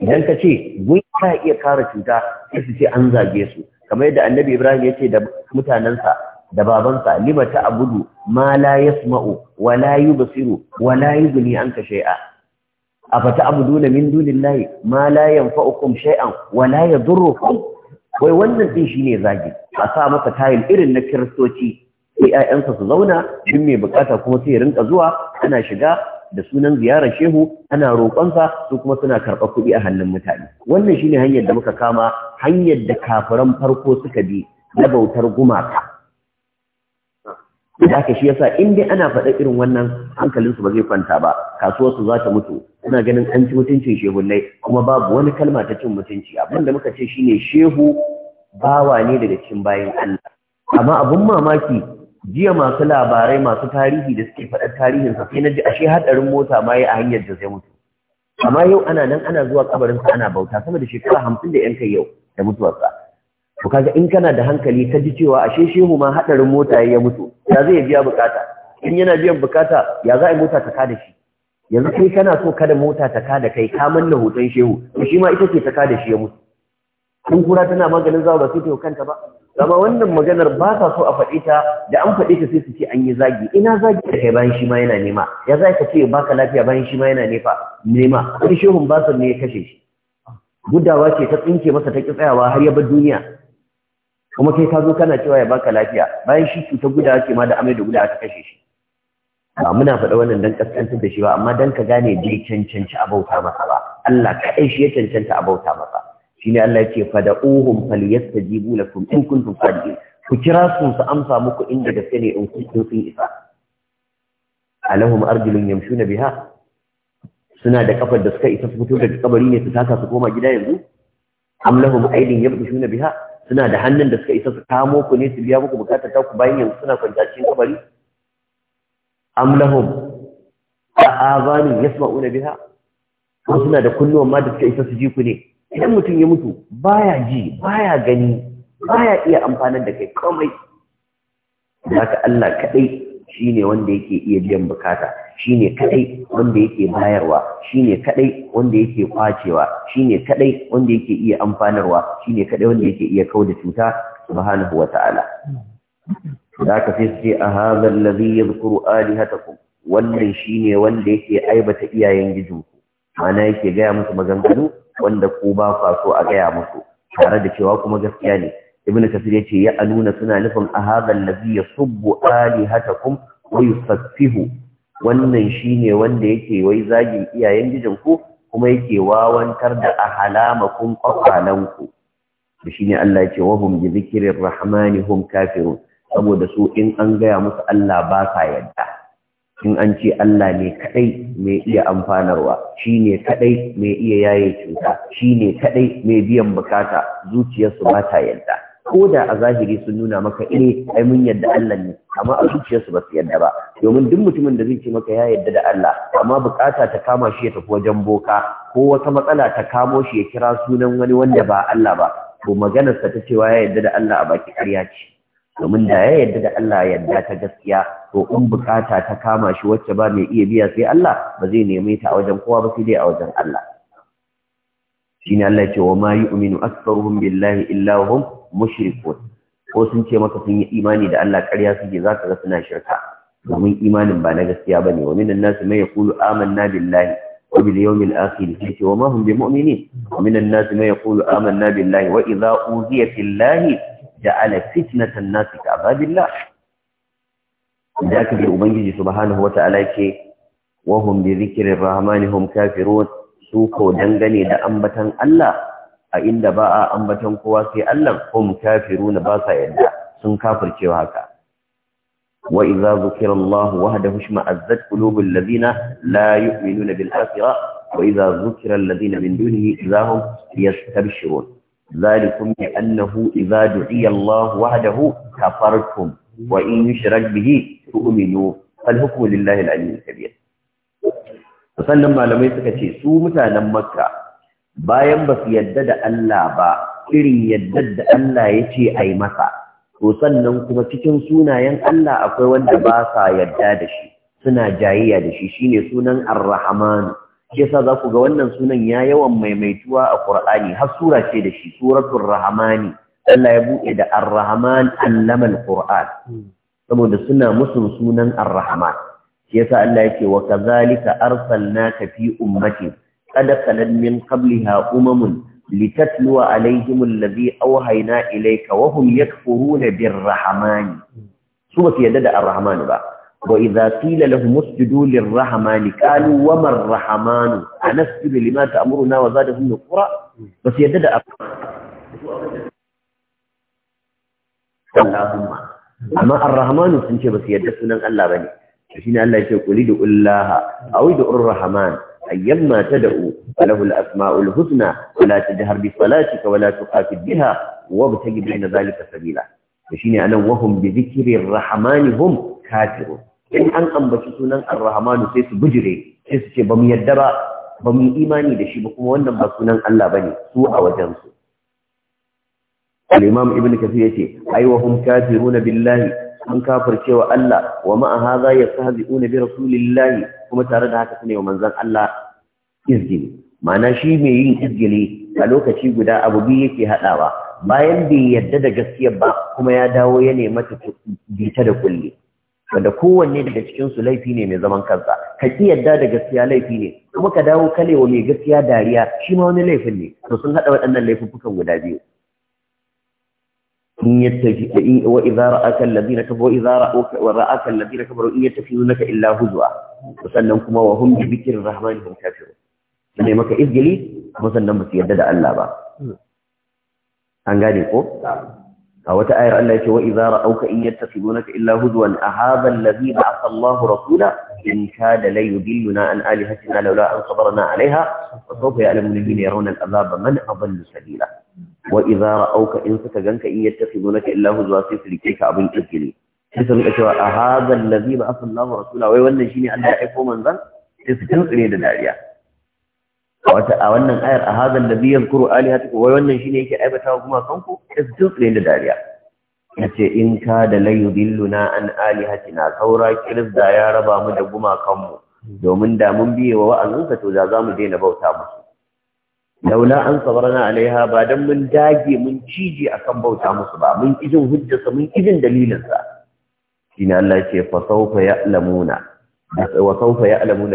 idan ka ce gun ka iya kare cuta sai su ce an zage su kamar yadda annabi ibrahim ya ce da mutanensa da babansa lima ta abudu ma la yasma'u wa la yubsiru wa la yughni anka shay'a afata abuduna min dunillahi ma la yanfa'ukum shay'an wa la yadurrukum wai wannan din shine zagi a sa masa tayin irin na kiristoci sai ƴaƴansa su zauna duk mai bukata kuma sai ya rinka zuwa ana shiga da sunan ziyarar shehu ana roƙonsa su kuma suna karɓar kuɗi a hannun mutane wannan shine hanyar da muka kama hanyar da kafiran farko suka bi na bautar gumaka da aka shi yasa in dai ana faɗa irin wannan hankalinsu ba zai kwanta ba kasuwar su za ta mutu suna ganin an ci mutuncin lai kuma babu wani kalma ta cin mutunci abin da muka ce shine shehu bawa ne daga cikin bayan Allah amma abin mamaki jiya masu labarai masu tarihi da suke faɗar tarihinsa sai na ji ashe haɗarin mota ma yayi a hanyar da zai mutu amma yau ana nan ana zuwa kabarinsa ana bauta sama da shekara hamsin da yanka yau da sa to kaga in kana da hankali ka ji cewa ashe shehu ma haɗarin mota ya mutu ya zai biya bukata in yana biyan bukata ya za a mota ta kada shi yanzu kai kana so kada mota ta kada kai ka manna hoton shehu to shi ma ita ce ta kada shi ya mutu kun kura tana maganin zawo ba sai ta kanta ba amma wannan maganar ba sa so a faɗi ta da an faɗi ta sai su ce an yi zagi ina zagi da kai bayan shi ma yana nema ya za ka ce baka lafiya bayan shi ma yana nefa nema wani shehun su ne ya kashe shi gudawa ce ta tsinke masa ta ki tsayawa har ya bar duniya kuma kai ka zo kana cewa ya baka lafiya bayan shi cutar gudawa ce ma da amai da gudawa ta kashe shi ba muna faɗa wannan dan kaskantar da shi ba amma dan ka gane dai cancanci abauta masa ba Allah kaɗai shi ya cancanta abauta masa shine Allah ya ce fad'uhum falyastajibu lakum in kuntum sadiqin ku kira su su amsa muku inda sai ne in kuntum sun isa alahum arjulun yamshuna biha suna da kafar da suka isa su fito daga kabari ne su taka su koma gida yanzu am lahum aydin yabdushuna biha suna da hannun da suka isa su kamo ku ne su biya muku bukatar ta ku bayan yanzu suna kwanta cikin kabari am lahum a'azani yasma'una biha ko suna da kunnuwan ma da suka isa su ji ku ne idan mutum ya mutu baya ji baya gani baya iya amfanar da kai komai haka Allah kadai shine wanda yake iya biyan bukata shine kadai wanda yake bayarwa shine kadai wanda yake kwacewa shine kadai wanda yake iya amfanarwa shine kadai wanda yake iya kauda cuta subhanahu wata'ala zaka sai su ce a hadha alladhi yadhkuru alihatakum wannan shine wanda yake aibata iyayen gijinku mana yake gaya musu maganganu wanda ku ba kwa so a gaya musu tare da cewa kuma gaskiya ne ibn kasir ya ce ya aluna suna nufin a hadal ladhi yasubbu alihatakum wa yusaffihu wannan shine wanda yake wai zagin iyayen gidan ku kuma yake wawantar da ahalamakum Da shi shine Allah ya ce wa hum bi dhikrir rahmani hum kafirun saboda su in an gaya musu Allah ba sa yadda in an ce Allah ne kadai mai iya amfanarwa shi ne kadai mai iya yaye cuta shi ne kadai mai biyan bukata zuciyarsu ba ta yadda ko da a zahiri sun nuna maka ne eh, ai mun yadda Allah ne amma a zuciyarsu ba su yadda ba domin duk mutumin da zai ce maka ya yadda da Allah amma bukata ta kama shi ya tafi wajen boka ko wata matsala ta kamo shi ya kira sunan wani wanda ba Allah ba to maganarsa ta cewa ya yadda da Allah a baki ƙarya ce domin da ya yarda da Allah yarda ta gaskiya to in bukata ta kama shi wacce ba mai iya biya sai Allah ba zai neme ta a wajen kowa ba sai dai a wajen Allah shine Allah ya ce wa ma yu'minu aktharuhum billahi illa hum mushrikun ko sun ce maka sun yi imani da Allah ƙarya suke zaka ga suna shirka domin imanin ba na gaskiya bane wa minan nasu mai yaqulu amanna billahi wa bil yawmil akhir sai wa ma hum bimu'minin wa minan nasu mai yaqulu amanna billahi wa idza uziya fillahi ja'ala fitnatan na fi azabillah da kake da ubangiji subhanahu wata'ala yake wa hum bi dhikri rahmanihum kafirun su ko dangane da ambatan Allah a inda ba a kowa sai Allah hum kafiruna ba sa yadda sun kafurcewa haka wa idza dhukira Allah wahdahu shma'azzat qulubul ladina la yu'minuna bil akhirah wa idza dhukira alladina min dunihi idza hum yastabshirun ذلكم بأنه إذا دعي الله وحده كفرتم وإن يشرك به تؤمنوا فالحكم لله العلي الكبير sannan malamai suka ce su mutanen makka bayan ba su yadda da Allah ba irin yadda da Allah ya ce a yi masa to sannan kuma cikin sunayen Allah akwai wanda ba sa yadda da shi suna jayayya da shi shine sunan ar-rahmanu shi yasa za ku ga wannan sunan ya yawan maimaituwa a Qur'ani har sura ce da shi suratun rahmani Allah ya buɗe da ar-rahman allama saboda suna musun sunan ar shi yasa Allah yake wa kazalika arsalnaka fi ummatin qad khalat min qabliha umamun لتتلو عليهم الذي أوهينا إليك وهم يكفرون بالرحمن سورة da الرحمن ba. وإذا قيل لهم اسجدوا للرحمن قالوا وما الرحمن أنسجد لما تأمرنا وزادهم نفورا بس يدد اللهم أما الرحمن سنك بس يدد سنن الله بني شين الله يقول لدعوا الله أو يدعو الرحمن أيما تدعوا فله الأسماء الحسنى ولا تجهر بصلاتك ولا تقاتل بها وابتغ بين ذلك سبيلا شين أنا وهم بذكر الرحمن هم kafiru in an ambaci sunan ar-rahmanu sai su bujire sai su ce ba mu yadda ba ba mu imani da shi ba kuma wannan ba sunan Allah bane su a wajen su al-imam ibn kathir yace ai wa hum kafiruna billahi an kafirce wa Allah wa ma hadha yastahzi'una bi rasulillahi kuma tare da haka sune wa manzon Allah izgili Mana shi mai yin izgili a lokaci guda abu biyu yake hadawa bayan bai yadda da gaskiya ba kuma ya dawo ya nema ta bita da kulle wanda kowanne daga cikinsu laifi ne mai zaman kansa ka ki yadda da gaskiya laifi ne kuma ka dawo kalewa mai gaskiya dariya shi ma wani laifin ne to sun haɗa waɗannan laifuffukan guda biyu In إن يتفي وإذا رأك الذين كفروا إذا رأوك ورأك الذين illa إن sannan kuma wa وسلمكما وهم بذكر الرحمن هم كافرون ne maka izgili kuma sannan ba su yadda da Allah ba hmm. an gane ko a wata ayar Allah yake wa idza ra'auka in yattakhidunaka illa huzwan a hadha alladhi ba'atha Allahu rasula in kada la yudilluna an alihatina laula an sabarna alaiha wa sawfa ya'lamu alladhina yarawna al'azaba man adallu sabila wa idza ra'auka in suka ganka in yattakhidunaka illa huzwa sai su rike ka abin kirkiri sai su rika cewa a hadha alladhi ba'atha Allahu rasula wai wannan shine Allah ya aiko manzon sai su tuntsire da dariya wata a wannan ayar a hazan da biyan kuro alihatukum wai wannan ne yake aibatawa kuma kanku da su tutsire da dariya yace in ka da layudilluna an na saura kiris da ya raba mu da gumakanmu domin da mun biye wa wa'azinka to da za mu daina bauta musu laula an na alaiha ba dan mun dage mun cije akan bauta musu ba mun kijin hujjarsa mun kijin dalilinsa shine Allah ya ce fa ya'lamuna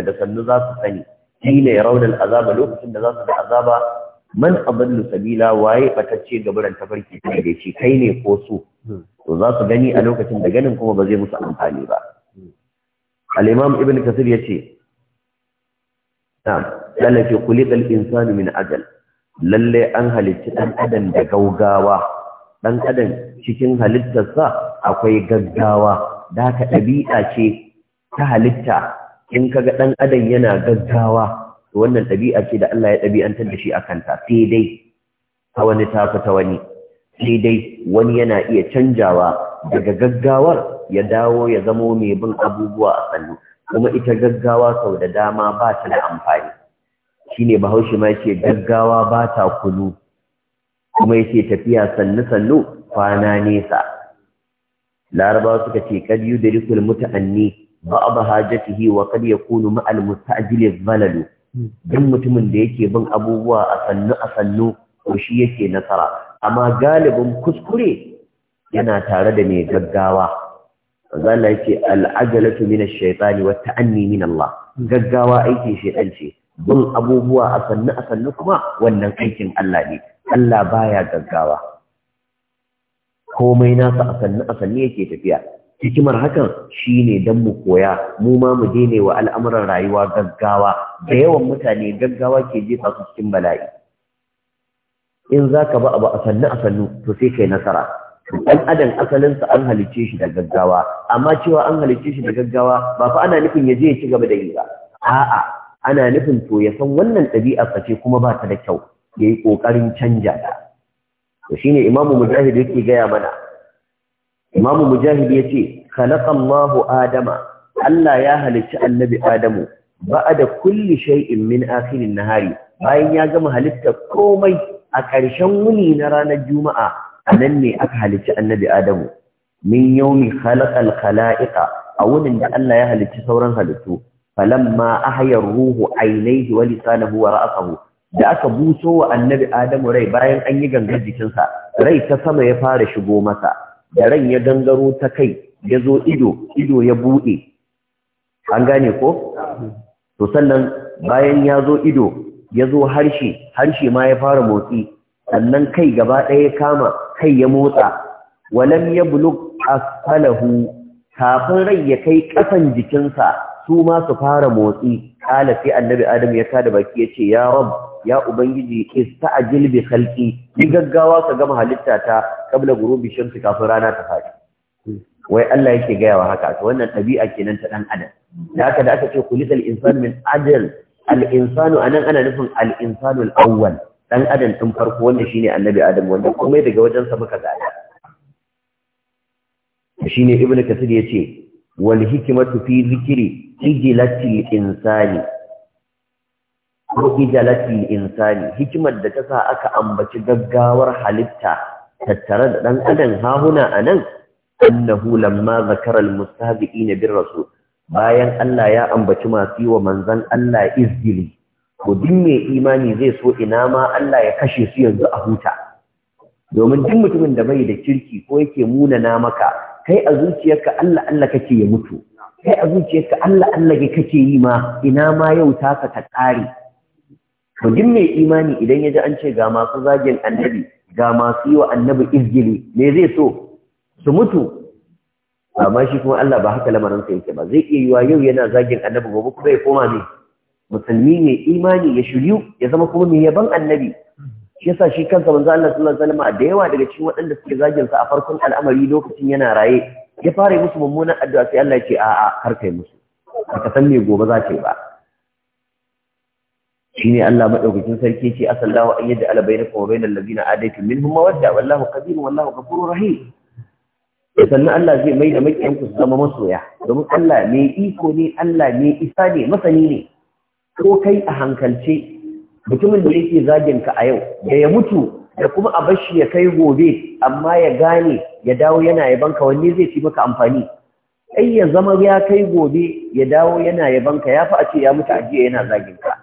da sannu za su sani hina yarawna azaba lokacin da za su da azaba man adallu sabila waye batacce gaburan tafarki kai da shi kai ne ko su to za su gani a lokacin da ganin kuma ba zai musu amfani ba alimam imam ibn kasir yace na'am lalle fi khuliqal insanu min ajal lalle an halitta ɗan adam da gaugawa ɗan adam cikin halittarsa akwai gaggawa da ka ɗabi'a ce ta halitta in kaga dan adam yana gaggawa to wannan ɗabi'a ce da Allah ya ɗabi'antar da shi a kanta sai dai ta wani ta wani sai dai wani yana iya canjawa daga gaggawar ya dawo ya zamo mai bin abubuwa a sannu kuma ita gaggawa sau da dama ba ta da amfani shine bahaushe ma yace gaggawa ba ta kulu kuma yace tafiya sannu sannu kwana nesa larabawa suka ce kad yudrikul muta'anni ba'd hajatihi wa kad yakunu ma'al mustajil zalal dan mutumin da yake bin abubuwa a sannu a sannu ko shi yake nasara amma galibin kuskure yana tare da mai gaggawa zalla yake al'ajalatu min ash-shaytani wa ta'anni min Allah gaggawa aiki shaytan ce bin abubuwa a sannu a sannu kuma wannan aikin Allah ne Allah baya gaggawa komai nasa a sannu a sannu yake tafiya hikimar hakan shi ne dan mu koya mu ma mu daina wa al'amuran rayuwa gaggawa da yawan mutane gaggawa ke jefa su cikin bala'i in za ka ba abu a sannu a sannu to sai kai nasara dan adam asalinsa an halicce shi da gaggawa amma cewa an halicce shi da gaggawa ba fa ana nufin ya je ya ci gaba da yi ba a'a ana nufin to ya san wannan ɗabi'a ce kuma ba ta da kyau yayi kokarin canja ta to shine imamu mujahid yake gaya mana Imam Mujahid yace khalaqallahu Adama Allah ya halicci Annabi Adamu ba'da kulli shay'in min akhirin nahari bayan ya gama halitta komai a ƙarshen wuni na ranar Juma'a anan ne aka halicci Annabi Adamu min yawmi khalaqal khalaiqa a wunin da Allah ya halicci sauran halittu falamma ahya ruhu aynayhi wa lisanahu wa ra'sahu da aka buso wa Annabi Adamu rai bayan an yi gangar jikinsa rai ta sama ya fara shigo masa da ran ya dangaro ta kai ya zo ido ido ya buɗe an gane ko to sannan bayan ya zo ido ya zo harshe harshe ma ya fara motsi sannan kai gaba ɗaya kama kai ya motsa walam ya buluk asfalahu kafin rai ya kai ƙasan jikinsa su ma su fara motsi ƙala sai annabi adam ya da baki ya ce ya rabu ya ubangiji ista'jil bi khalqi yi gaggawa ka gama halitta ta kabla gurubi shamsi kafin rana ta fadi wai Allah yake gaya wa haka to wannan tabi'a kenan ta dan adam da haka da aka ce kulikal insanu min ajal al insanu anan ana nufin al insanu al awwal dan adam din farko wanda shine annabi adam wanda komai daga wajen sa muka gada shine ibnu kasir yace wal hikmatu fi dhikri ijlati insani ko ijalatil insani hikimar da ta sa aka ambaci gaggawar halitta tattare da dan adam hahuna anan annahu lamma zakara almustabiqina bir rasul bayan Allah ya ambaci masu yi wa manzan Allah izgili ko din mai imani zai so ina ma Allah ya kashe su yanzu a huta domin duk mutumin da bai da kirki ko yake munana maka kai a zuciyarka Allah Allah kake ya mutu kai a zuciyarka Allah Allah kake yi ma ina ma yau taka ta ƙare to mai imani idan ya ji an ce ga masu zagin annabi ga masu yi wa annabi izgili me zai so su mutu amma shi kuma Allah ba haka lamarinsa yake ba zai iya yiwa yau yana zagin annabi gobe kuma ya koma ne musulmi mai imani ya shiryu ya zama kuma mai yaban annabi shi yasa shi kansa manzo Allah sallallahu alaihi wasallam da yawa daga cikin waɗanda suke zagin sa a farkon al'amari lokacin yana raye ya fara musu mummunan addu'a sai Allah ya ce a'a kar kai musu baka san me gobe za ka yi ba shine Allah madaukakin sarki ce asallahu an yadda ala bainaka wa bainal ladina adaitum minhum mawadda wallahu qadir wallahu ghafurur rahim sannan Allah zai mai da makiyan ku zama masoya domin Allah ne iko ne Allah ne isa ne masani ne ko kai a hankalce mutumin da yake zagin ka a yau da ya mutu da kuma a bashi ya kai gobe amma ya gane ya dawo yana yaban ka wanne zai ci maka amfani ai ya zama ya kai gobe ya dawo yana yaban ka yafi a ce ya mutu a jiya yana zagin ka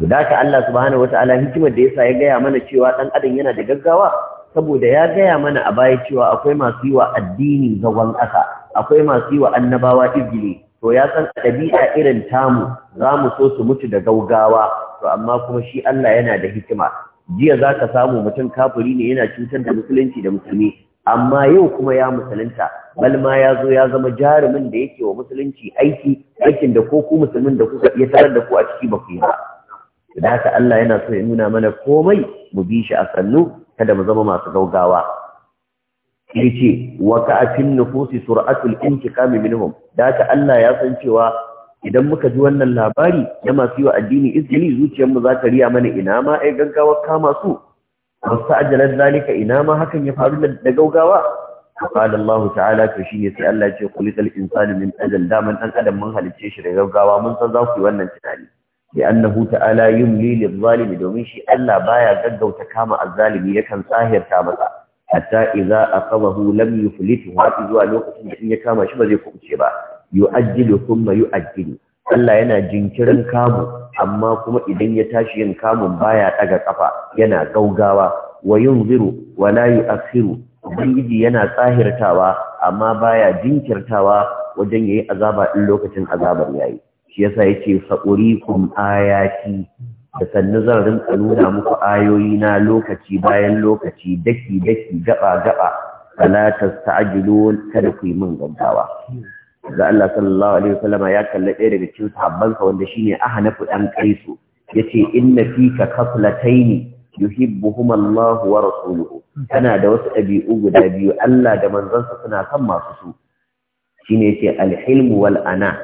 to da ka Allah subhanahu wataala hikimar da yasa ya gaya mana cewa dan adam yana da gaggawa saboda ya gaya mana a baya cewa akwai masu yi wa addini zagon ƙasa akwai masu yi wa annabawa izgili to ya san ɗabi'a irin tamu za mu so su mutu da gaugawa to amma kuma shi Allah yana da hikima jiya za ka samu mutum kafuri ne yana cutar da musulunci da musulmi amma yau kuma ya musulunta balma ya zo ya zama jarumin da yake wa musulunci aiki aikin da ko ku musulmin da kuka iya tarar da ku a ciki ba ku yi ba da haka Allah yana so ya nuna mana komai mu bi shi a sannu kada mu zama masu gaugawa yace wa ka'atin nufusi sur'atul intiqam minhum da haka Allah ya san cewa idan muka ji wannan labari ya masu yi wa addini izini zuciyar mu za ta riya mana ina ma ai gaggawa kama su wasu ajalar zalika ina ma hakan ya faru da gaugawa قال الله تعالى كشي sai Allah ce kulikal insani min ajal daman dan adam mun halicce shi da gaggawa mun san za ku yi wannan tunani ya annahu ta'ala yumli lil zalimi domin shi Allah baya gaggauta kama azzalimi yakan tsahirta masa hatta idza aqabahu lam yuflitu wa idza wa lokacin da in ya kama shi ba zai kubuce ba yu'ajjilu kuma yu'ajjilu Allah yana jinkirin kamu amma kuma idan ya tashi yin kamun baya ɗaga kafa yana gaugawa wa yunziru wa la yu'akhiru ubangiji yana tsahirtawa amma baya jinkirtawa wajen yayi azaba din lokacin azabar yayi shi yasa yace kum ayati da sannu zan rinka nuna muku ayoyi na lokaci bayan lokaci daki daki gaba gaba fala tasta'jilun kada ku yi min gaggawa da Allah sallallahu alaihi wasallam ya kalla ɗaya daga cikin sahabbansa wanda shine ahnafu dan kaisu yace inna fika kaflataini yuhibbuhum Allah wa rasuluhu kana da wasu ɗabi'u guda biyu Allah da manzansa suna kan masu su shine yace alhilmu wal ana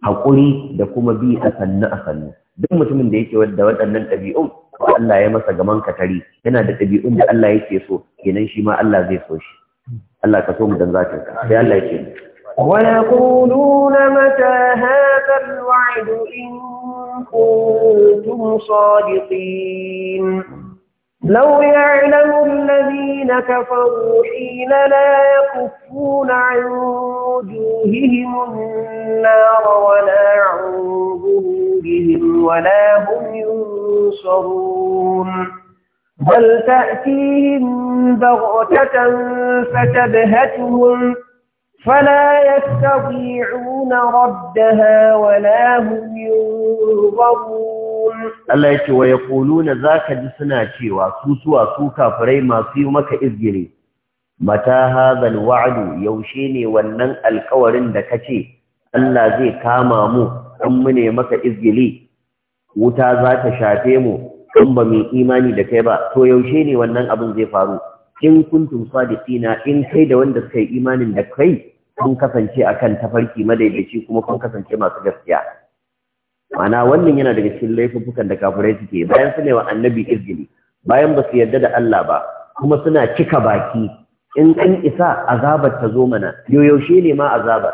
haƙuri da kuma bi a sannu a sannu duk mutumin da yake da waɗannan ɗabi'un ko Allah ya masa gaman katari yana da ɗabi'un da Allah yake so kenan shi ma Allah zai so shi Allah ka so mu dan zakin ka sai Allah yake ويقولون متى هذا الوعد إن كنتم صادقين لو يعلم الذين كفروا حين لا يكفون عن وجوههم النار ولا عن ظهورهم ولا هم ينصرون بل تأتيهم بغتة فتبهتهم فلا يستطيعون ردها ولا هم ينظرون Allah ya wa yaquluna zaka ji suna cewa su suwa su kafirai masu yi maka izgire mata hadha wa'du yaushe ne wannan alƙawarin da kace Allah zai kama mu in mu maka izgili wuta za ta shafe mu in ba mu imani da kai ba to yaushe ne wannan abin zai faru in kuntum sadiqina in kai da wanda suka yi imanin da kai kun kasance akan tafarki madaidaici kuma kun kasance masu gaskiya mana wannan yana daga cikin laifukan da kafirai suke bayan su ne wa annabi izini, bayan ba su yarda da Allah ba kuma suna cika baki in an isa azabar ta zo mana yaushe ne ma azabar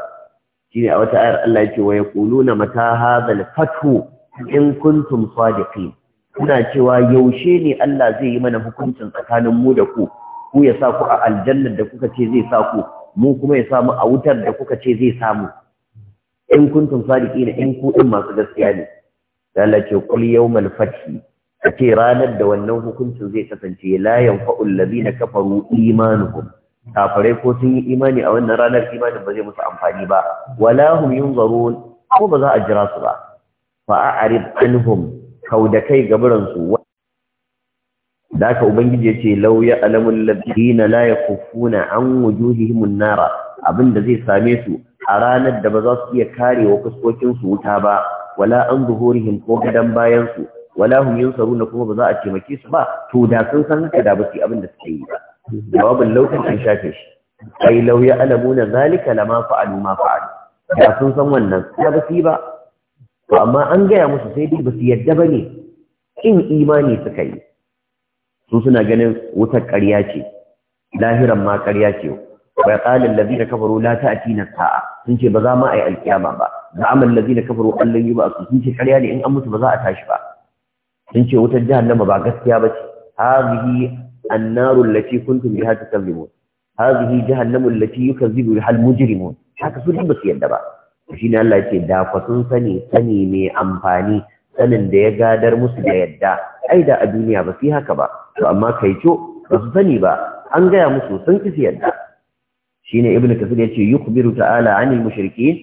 shine a wata ayar Allah yake wa yaquluna mata hadhal fathu in kuntum sadiqin kuna cewa yaushe ne Allah zai yi mana hukuncin tsakanin mu da ku ku ya sa ku a aljannar da kuka ce zai sa ku mu kuma ya samu a wutar da kuka ce zai samu in kuntum sadiqina in ku din masu gaskiya ne Allah ce kul yawmal fathi ce ranar da wannan hukuncin zai kasance la yanfa'u alladhina kafaru imanuhum kafare ko sun yi imani a wannan ranar imanin ba zai musu amfani ba wala hum yunzarun ko ba za a jira su ba fa a'rid anhum kauda kai gaburan su da ubangiji yace law ya alamul ladina la yakufuna an wujuhihim an-nara abinda zai same su a ranar da ba za su iya kare wa fuskokinsu wuta ba wala an zuhurihim ko gadan bayansu wala hum yunsaruna kuma ba za a taimake su ba to da sun san haka da ba su abin da suke yi ba jawabin laukin an shafe shi ai law ya alamuna zalika lama fa'alu ma fa'alu da sun san wannan ya ba su yi ba to amma an gaya musu sai dai ba su yadda ba ne in imani suka yi su suna ganin wutar ƙarya ce lahiran ma ƙarya ce wa ya ƙalin labi da kafaru la ta atina sa'a sun ce ba za ma a yi alkiyama ba za'amal ladina kafar an lan su. sun ce karya ne in an mutu ba za a tashi ba sun ce wutar jahannama ba gaskiya bace hadhihi annaru allati kuntum biha tukazzibun hadhihi jahannamu allati yukazzibu biha almujrimun haka su ba su yadda ba shi ne Allah ce da fa sun sani sani mai amfani sanin da ya gadar musu da yadda ai da a duniya ba su yi haka ba to amma kai co ba su sani ba an gaya musu sun kisi yadda shine ibnu kafir yace yukhbiru ta'ala 'anil mushrikeen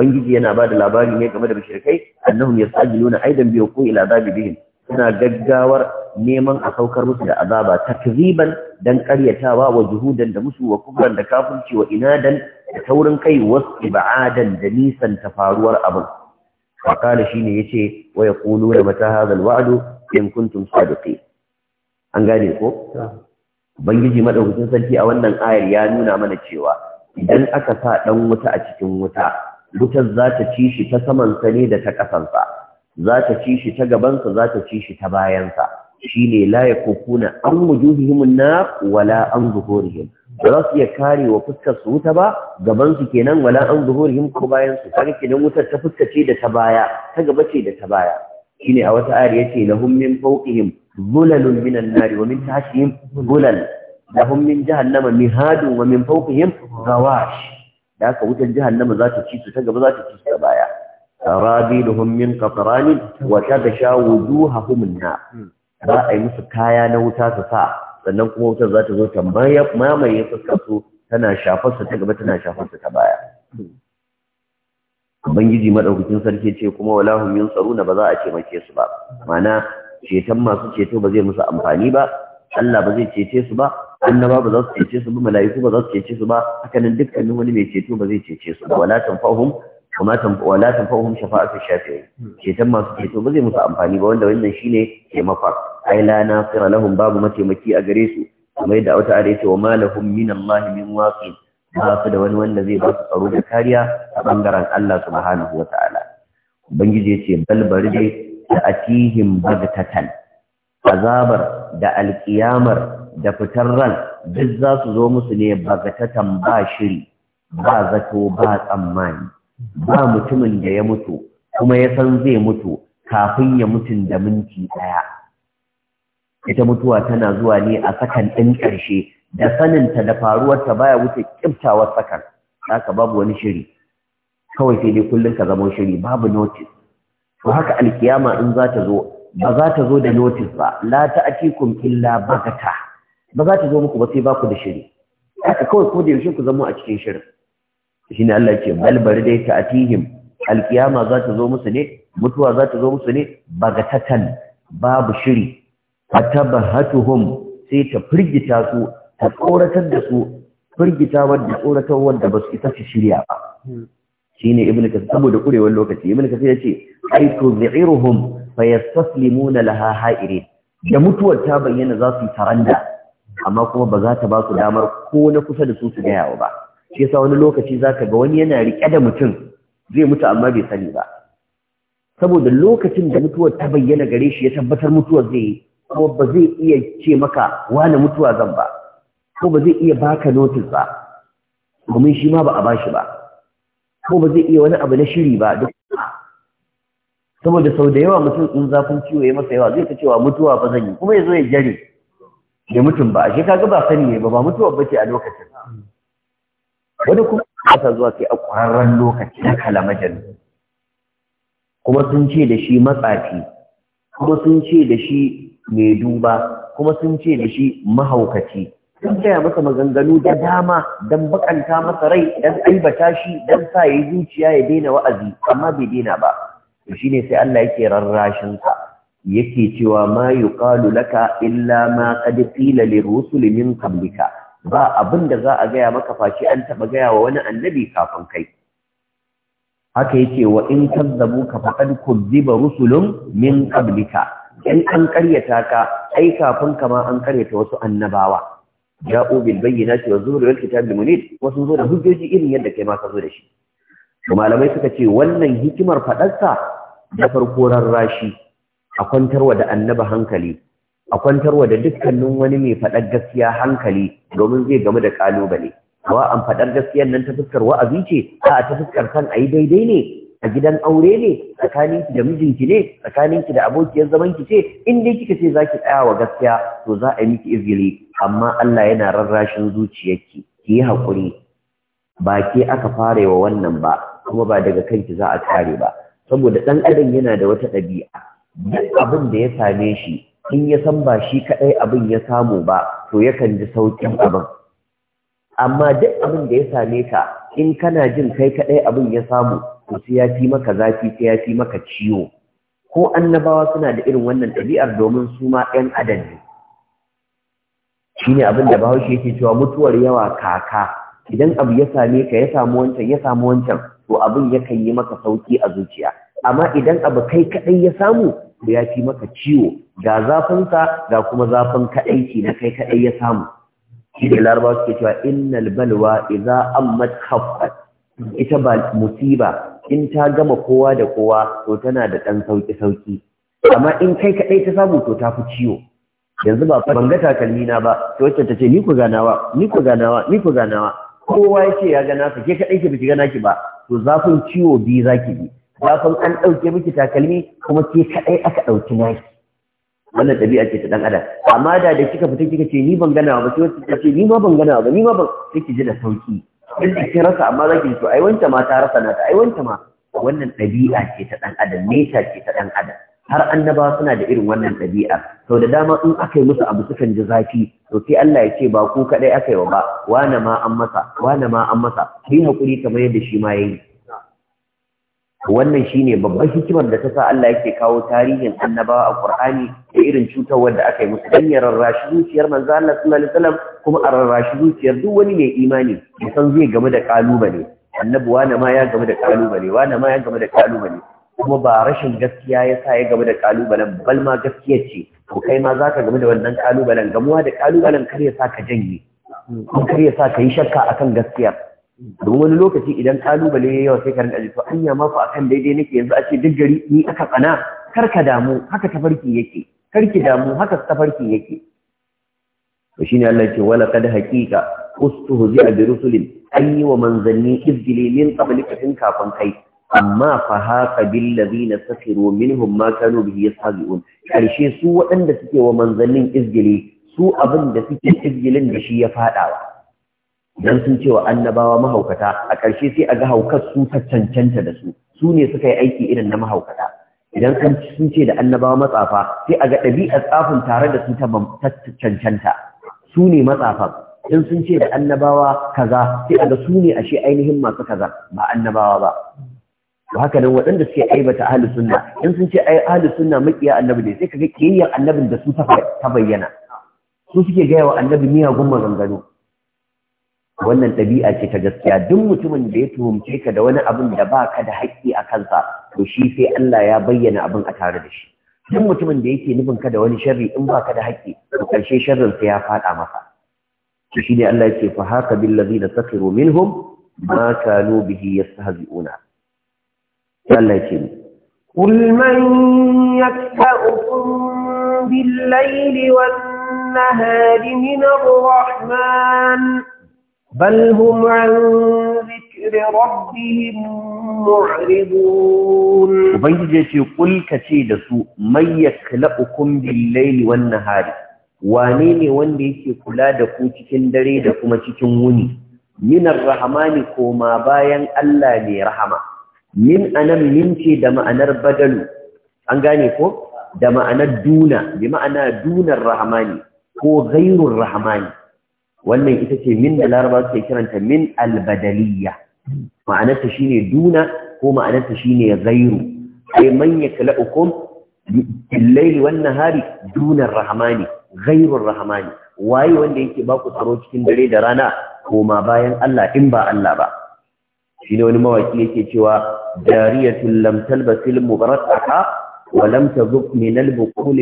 bangiji yana bada labari ne game da mushrikai annahum yastajiluna aidan bi yuqi ila bihim suna gaggawar neman a saukar musu da azaba takziban dan karyatawa wa juhudan da musu wa kubran da kafirci wa inadan da taurin kai wa ib'adan da nisan tafaruwar abin fakala shine yace wa yaquluna mata hadha alwa'du in kuntum sadiqin an gane ko Bangiji, maɗaukacin sarki a wannan ayar ya nuna mana cewa idan aka sa ɗan wuta a cikin wuta wutar za ta ci shi ta saman sani da ta ƙasansa, zata za ta ci shi ta gabansa za ta ci shi ta shi ne shine ko kuna an wujuhihim himin na wala an zuhurihim ba za su iya kare wa fuskar su wuta ba gabansu kenan wala an zuhurihim ko bayansu, kare wutar ta fuskace da ta baya ta gaba ce da ta baya shine a wata ayar yace lahum min fawqihim zulalun minan nar wa min tahtihim zulal lahum min jahannam mihadu wa min fawqihim ghawash da haka wutar jahannama za ta ci su ta gaba za ta ci su ta baya sarabiluhum min qatran wa tadsha wujuhahum na ba za a yi musu kaya na wuta su sa sannan kuma wutar za ta zo tambaya mamaye fuskar su tana shafar su ta gaba tana shafar su ta baya ubangiji madaukakin sarki ce kuma wala hum yunsaruna ba za a taimake su ba mana ceton masu ceto ba zai musu amfani ba Allah ba zai cece su ba annaba ba za su cece su ba mala'iku ba za su cece su ba hakanan dukkanin wani mai ceto ba zai cece su ba wala tanfa'uhum kuma wala tanfa'uhum shafa'atu shafi'in ceton masu ceto ba zai musu amfani ba wanda wannan shine taimaka ai la nasira lahum babu mataimaki a gare su kuma yadda wata are ce wa ma lahum min Allah min waqi ba su da wani wanda zai ba su tsaro da kariya a bangaren Allah subhanahu wa ta'ala ubangiji yace bal dai da atihin bagtatan azabar da alkiyamar da fitar ran duk za su zo musu ne bagtatan ba shiri ba zato ba tsammani ba mutumin da ya mutu kuma ya san zai mutu kafin ya mutun da minti ɗaya. ita mutuwa tana zuwa ne a sakan ɗin ƙarshe da saninta da faruwarta baya wuce kiftawar sakan haka babu wani shiri kawai sai dai kullum ka zama shiri babu notice to haka alkiyama in za ta zo ba za ta zo da notice ba la ta'tikum illa bagata ba za ta zo muku ba sai ba ku da shiri haka kawai ko da yaushe ku zama a cikin shirin shine Allah ya ce bal bari dai ta'tihim alkiyama za ta zo musu ne mutuwa za ta zo musu ne bagatatan babu shiri fatabahatuhum sai ta firgita su ta tsoratar da su firgita wadda tsoratar wadda ba su isa su shirya ba Shi ne Ibn kasir saboda kurewar lokaci ya ce, ibnu kasir yace fayasas tuziruhum na laha ha'ire da mutuwar ta bayyana za su yi taranda amma kuma ba za ta ba su damar ko na kusa da su su gaya ba shi yasa wani lokaci za ka ga wani yana rike da mutum zai mutu amma bai sani ba saboda lokacin da mutuwar ta bayyana gare shi ya tabbatar mutuwar zai yi kuma ba zai iya ce maka wani mutuwa zan ba ko ba zai iya baka notice ba domin shi ma ba a bashi ba ko ba zai iya wani abu na shiri ba duk saboda sau da yawa mutum in zafin ciwo ya masa yawa zai ta cewa mutuwa ba zan yi kuma ya zo ya jare da mutum ba ashe kaga ba sani ne ba ba mutuwa ce a lokacin wani kuma sa zuwa sai a ƙwararren lokaci na kalamajan kuma sun ce da shi matsafi kuma sun ce da shi mai duba kuma sun ce da shi mahaukaci sun gaya masa maganganu da dama don bakanta masa rai don aibata shi don sa ya zuciya ya daina wa'azi amma bai daina ba to shine sai Allah yake rarrashin sa yake cewa ma yuqalu laka illa ma qad qila lirrusul min qablika ba abin da za a gaya maka face an taba gaya wa wani annabi kafin kai haka yake wa in ka faqad kuzziba rusulun min qablika in an karyata ka ai kafin ka an karyata wasu annabawa ja'u bil bayyinati wa zuri wal kitab al munir wasu zo da hujjoji irin yadda kai ma ka zo da shi to malamai suka ce wannan hikimar fadarsa da farko rarrashi a kwantarwa da annaba hankali a kwantarwa da dukkanin wani mai faɗar gaskiya hankali domin zai gamu da kalubale kawa an faɗar gaskiyar nan ta fuskar wa'azi ce a ta fuskar kan ayi daidai ne a gidan aure ne tsakaninki da mijinki ne tsakaninki da abokiyar zaman ki ce in dai kika ce zaki tsaya wa gaskiya to za a yi miki izgiri amma Allah yana rarrashin zuciyarki ki yi hakuri ba ke aka fara wa wannan ba kuma ba daga kanki za a kare ba saboda ɗan adam yana da wata ɗabi'a duk abin da ya same shi in ya san ba shi kaɗai abin ya samu ba to yakan ji sauƙin abin amma duk abin da ya same ka in kana jin kai kaɗai abin ya samu Ko sai ya fi maka zafi sai ya fi maka ciwo ko annabawa suna da irin wannan ɗabi'ar domin su ma ɗan adam ne shine abin da bahaushe yake cewa mutuwar yawa kaka idan abu ya same ka ya samu wancan ya samu wancan to abin yakan yi maka sauki a zuciya amma idan abu kai kaɗai ya samu to ya fi maka ciwo ga ka ga kuma zafin ki na kai kaɗai ya samu shi da larabawa suke cewa innal balwa idza ammat khaffat ita ba musiba in ta gama kowa da kowa to tana da ɗan sauƙi-sauƙi amma in kai kaɗai ta samu to ta fi ciwo yanzu ba ban ga takalmi na ba to wacce ta ce ni ku ganawa ni ku ganawa ni ku ganawa kowa ya ce ya gana ka ke kaɗai ki biki gana ki ba to zafin ciwo biyu za ki bi zafin an ɗauke miki takalmi kuma ke kaɗai aka ɗauki naki wannan ɗabi'a ce ta ɗan adam amma da da kika fita kika ce ni ban ganawa ba sai wacce ta ce ni ma ban ganawa ba ni ma ban sai ki ji da sauƙi duk da kin rasa amma zaki to ai wanta ma ta rasa nata ai wanta ma wannan ɗabi'a ce ta ɗan adam nesa ce ta ɗan adam har annaba suna da irin wannan ɗabi'a sau da dama in aka yi musu abu sukan ji zafi to sai Allah ya ce ba ku kaɗai aka yi wa ba wane ma an masa wane ma an masa ku yi haƙuri kamar yadda shi ma ya yi wannan shine babban hikimar da ta sa Allah yake kawo tarihin annabawa a Qur'ani da irin cutarwar da aka yi musu dan yaran rashi zuciyar manzo Allah sallallahu alaihi wasallam kuma a rarrashi zuciyar duk wani mai imani san zai game da kalubale annabi wani ma ya game da kalubale wani ma ya game da kalubale kuma ba rashin gaskiya ya sa ya game da kalubalen bal ma gaskiya ce to kai ma zaka game da wannan kalubalen gamuwa da kalubalen kar ya sa ka janye kar ya sa ka yi shakka akan gaskiya don wani lokaci idan ƙalubale ya yawa sai karin ajiyar to anya ma fa akan daidai nake yanzu a ce duk gari ni aka tsana kar ka damu haka tafarki yake Karki damu haka tafarki yake to shine Allah ya ce wala kad haqiqa ustuhzi bi rusulin an yi wa manzanni izgili min qablika kafin kai amma fa haka bil ladina sakhiru minhum ma kanu bihi karshe su waɗanda suke wa manzannin izgili su abin da suke izgilin da shi ya fadawa dan sun cewa annabawa mahaukata a ƙarshe sai a ga haukar su ta cancanta da su su ne suka yi aiki irin na mahaukata idan sun ce da annabawa matsafa sai a ga ɗabi'a tsafin tare da su ta cancanta su ne matsafan in sun ce da annabawa kaza sai a ga su ne ashe ainihin masu kaza ba annabawa ba to haka nan waɗanda suke aibata ahli sunna in sun ce ai ahli sunna makiya annabi ne sai kaga kiyayyar annabin da su ta bayyana su suke gaya wa annabi miyagun maganganu wannan ɗabi'a ce ta gaskiya duk mutumin da ya tuhumce ka da wani abin da ba ka da haƙƙi a kansa to shi sai Allah ya bayyana abin a tare da shi duk mutumin da yake nufin ka da wani sharri in ba ka da haƙƙi to ƙarshe sharrin sai ya faɗa masa to shine Allah yake fa haka bil ladina sakhiru minhum ma kanu bihi yastahzi'una Allah yake قل من يكفأكم بالليل والنهار من الرحمن بل هم عن ذكر ربهم معرضون وبنجي يتي قل كتي دسو من يخلقكم بالليل والنهار wane ne wanda yake kula da ku cikin dare da kuma cikin wuni minar rahamani koma bayan Allah ne rahama min anan mince da ma'anar badalu an gane ko da ma'anar duna bi ma'ana dunar rahamani ko ghairur rahamani wannan ita ce min da laraba suke kiranta min albadaliya ma'anarta shine duna ko ma'anarta shine ghairu ay man yaklaukum al-layli wan duna rahmani ghairu ar-rahmani waye wanda yake ba ku tsaro cikin dare da rana ko ma bayan Allah in ba Allah ba shine wani mawaki yake cewa dariyatul lam talbasil mubarakaha wa lam tazuk min al-buqul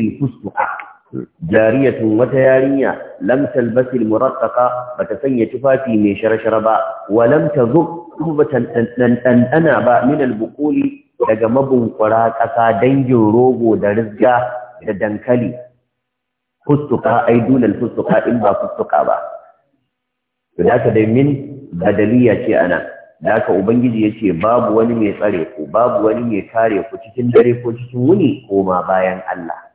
jariyatun wata yarinya lam talbasi ba bata sanya tufafi mai sharashara ba wa lamtar tazuk kuma bata ba min albuquli daga mabunkura ƙasa dangin rogo da rizga da dankali fustuka ai dunal fustuka in ba fustuka ba to da ka min badaliya ce ana da ka ubangiji ce babu wani mai tsare ku babu wani mai kare ku cikin dare ko cikin wuni ko ma bayan Allah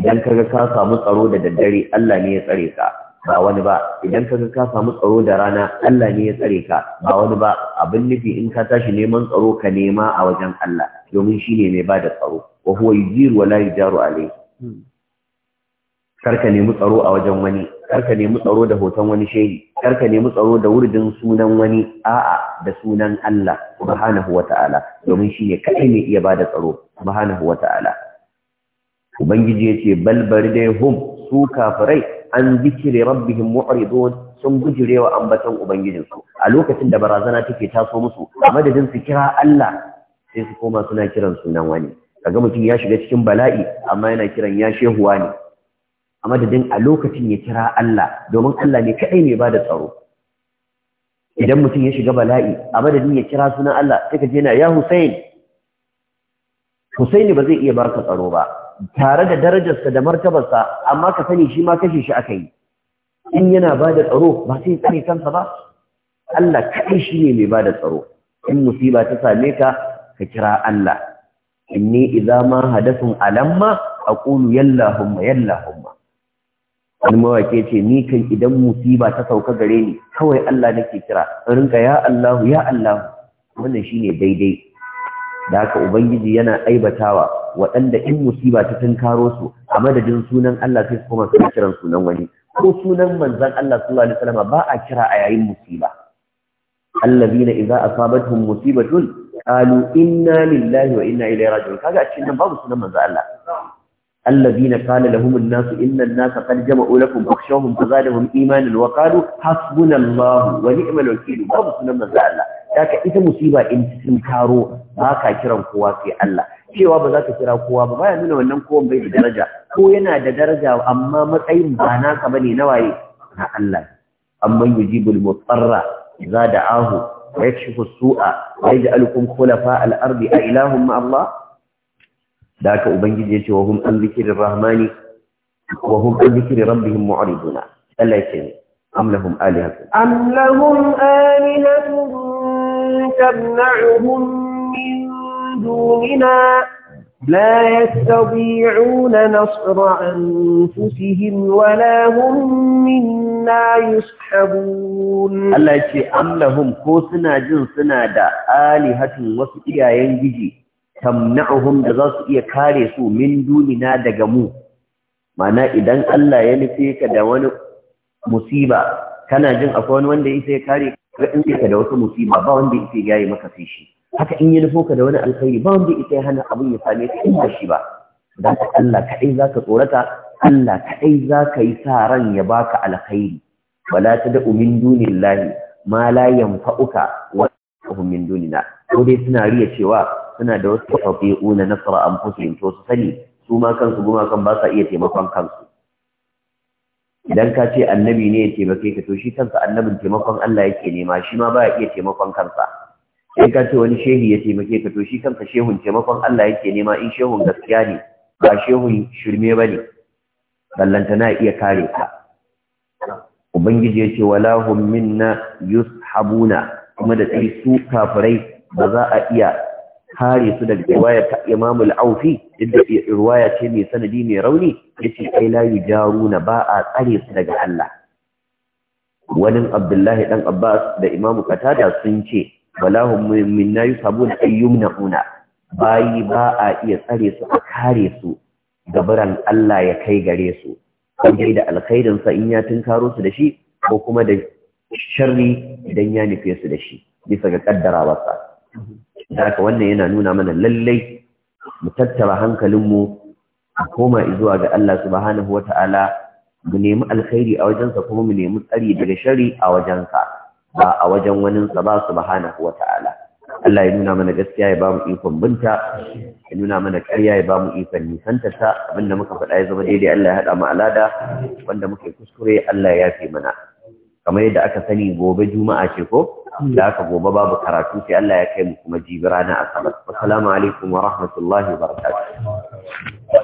idan kaga ka samu tsaro da daddare Allah ne ya tsare ka ba wani ba idan kaga ka samu tsaro da rana Allah ne ya tsare ka ba wani ba abin nufi in ka tashi neman tsaro ka nema a wajen Allah domin shine mai bada tsaro wa huwa yujiru wa la yujaru alayhi karka nemi tsaro a wajen wani karka nemi tsaro da hoton wani shehi karka nemi tsaro da wurdin sunan wani a'a da sunan Allah subhanahu wata'ala domin shine kadai ne iya bada tsaro subhanahu ta'ala. ubangiji ya ce balbari dai hum su kafirai an zikire rabbihim mu'ridun sun gujirewa ambaton ubangijinsu a lokacin da barazana take taso musu a madadin su kira Allah sai su koma suna kiran sunan wani kaga mutum ya shiga cikin bala'i amma yana kiran ya shehu ne a madadin a lokacin ya kira Allah domin Allah ne kadai mai bada tsaro idan mutum ya shiga bala'i a madadin ya kira sunan Allah sai ka je na ya Hussein Hussein ba zai iya barka tsaro ba tare da darajarsa da martabarsa amma ka sani shi ma kashe shi aka yi in yana ba da tsaro ba sai tsare kansa ba Allah kaɗai shi ne mai ba da tsaro in musiba ta same ka ka kira Allah inni idza ma hadathun alamma aqulu yallahumma yallahumma wani mawake ce ni kan idan musiba ta sauka gare ni kawai Allah nake kira rinka ya Allah ya Allah wannan shine daidai da haka ubangiji yana aibatawa waɗanda in musiba ta karo su a madadin sunan Allah sai su koma su kiran sunan wani ko sunan manzon Allah sallallahu alaihi wasallam ba a kira a yayin musiba allazina idza asabatuhum musibatun qalu inna lillahi wa inna ilaihi raji'un kaga a cikin nan babu sunan manzon Allah الذين قال لهم الناس إن الناس قد جمعوا لكم فاخشوهم فزادهم إيمانا وقالوا حسبنا الله ونعم الوكيل باب سنة مزا الله in إذا karo, إن ka kiran كاكرا قواسي Allah. cewa ba za ka kira kowa ba baya nuna wannan kowan bai da daraja ko yana da daraja amma matsayin ba naka bane na waye na Allah amman yujibul mutarra da ahu. wa yakshifu su'a wa yaj'alukum khulafa al-ardi a ilahum ma Allah da ka ubangiji ya ce wa hum an zikrir rahmani wa hum an zikri rabbihim mu'riduna Allah ya ce am lahum alihatun am lahum alihatun tabna'uhum min دوننا لا يستطيعون نصر أنفسهم ولا هم منا يسحبون الله يشي أم لهم كوسنا جنسنا دا آلهة وسئية ينجي تمنعهم دغس إيا كارسو من دوننا دا جمو معنى إذن الله ينفيك دوان مصيبة كان جن أفوان وان دا إيسا يكاري فإنك da wasu musiba ba wanda yake yayi maka sai haka in yi nufo ka da wani alkhairi ba wanda ita ya hana abin ya same ka in shi ba da ka Allah kaɗai za ka tsorata Allah kaɗai za ka yi sa ran ya baka alkhairi wala ta da umin dunillahi ma la Fa'uka wa hum dunina ko dai suna riya cewa suna da wasu tafi'una nasra anfusihim to su sani su ma kansu gumakan ba sa iya taimakon kansu idan ka ce annabi ne ya taimake ka to shi kansa annabin taimakon Allah yake nema shi ma baya iya taimakon kansa sai ka ce wani shehi ya taimake ka to shi kanka shehun taimakon Allah yake nema in shehun gaskiya ne ba shehun shirme ba ne ballanta na iya kare ka ubangiji ya ce wala hum minna yushabuna kuma da tsari su kafirai ba za a iya kare su daga riwaya ta imamul aufi inda riwaya ce mai sanadi mai rauni yace ai la yujaruna ba a tsare su daga Allah wani Abdullahi dan Abbas da imamu katada sun ce wala hum minna yusabuna ayyumnauna bayi ba a iya tsare su a kare su gabaran Allah ya kai gare su dai da alkhairin sa in ya tunkaro su da shi ko kuma da sharri idan ya nufe su da shi bisa ga sa. da haka wannan yana nuna mana lallai mu tattara hankalinmu mu koma zuwa ga Allah subhanahu wata'ala mu nemi alkhairi a wajensa kuma mu nemi tsari daga sharri a wajen wajensa ba a wajen waninsa ba subhanahu wata'ala Allah ya nuna mana gaskiya ya bamu ikon binta ya nuna mana ƙarya ya bamu ikon nisanta ta abinda muka faɗa ya zama daidai Allah ya haɗa mu alada wanda muke kuskure Allah ya yafe mana kamar yadda aka sani gobe juma'a ce ko da aka gobe babu karatu sai Allah ya kai mu kuma jibira na asabar assalamu alaikum wa rahmatullahi wa barakatuh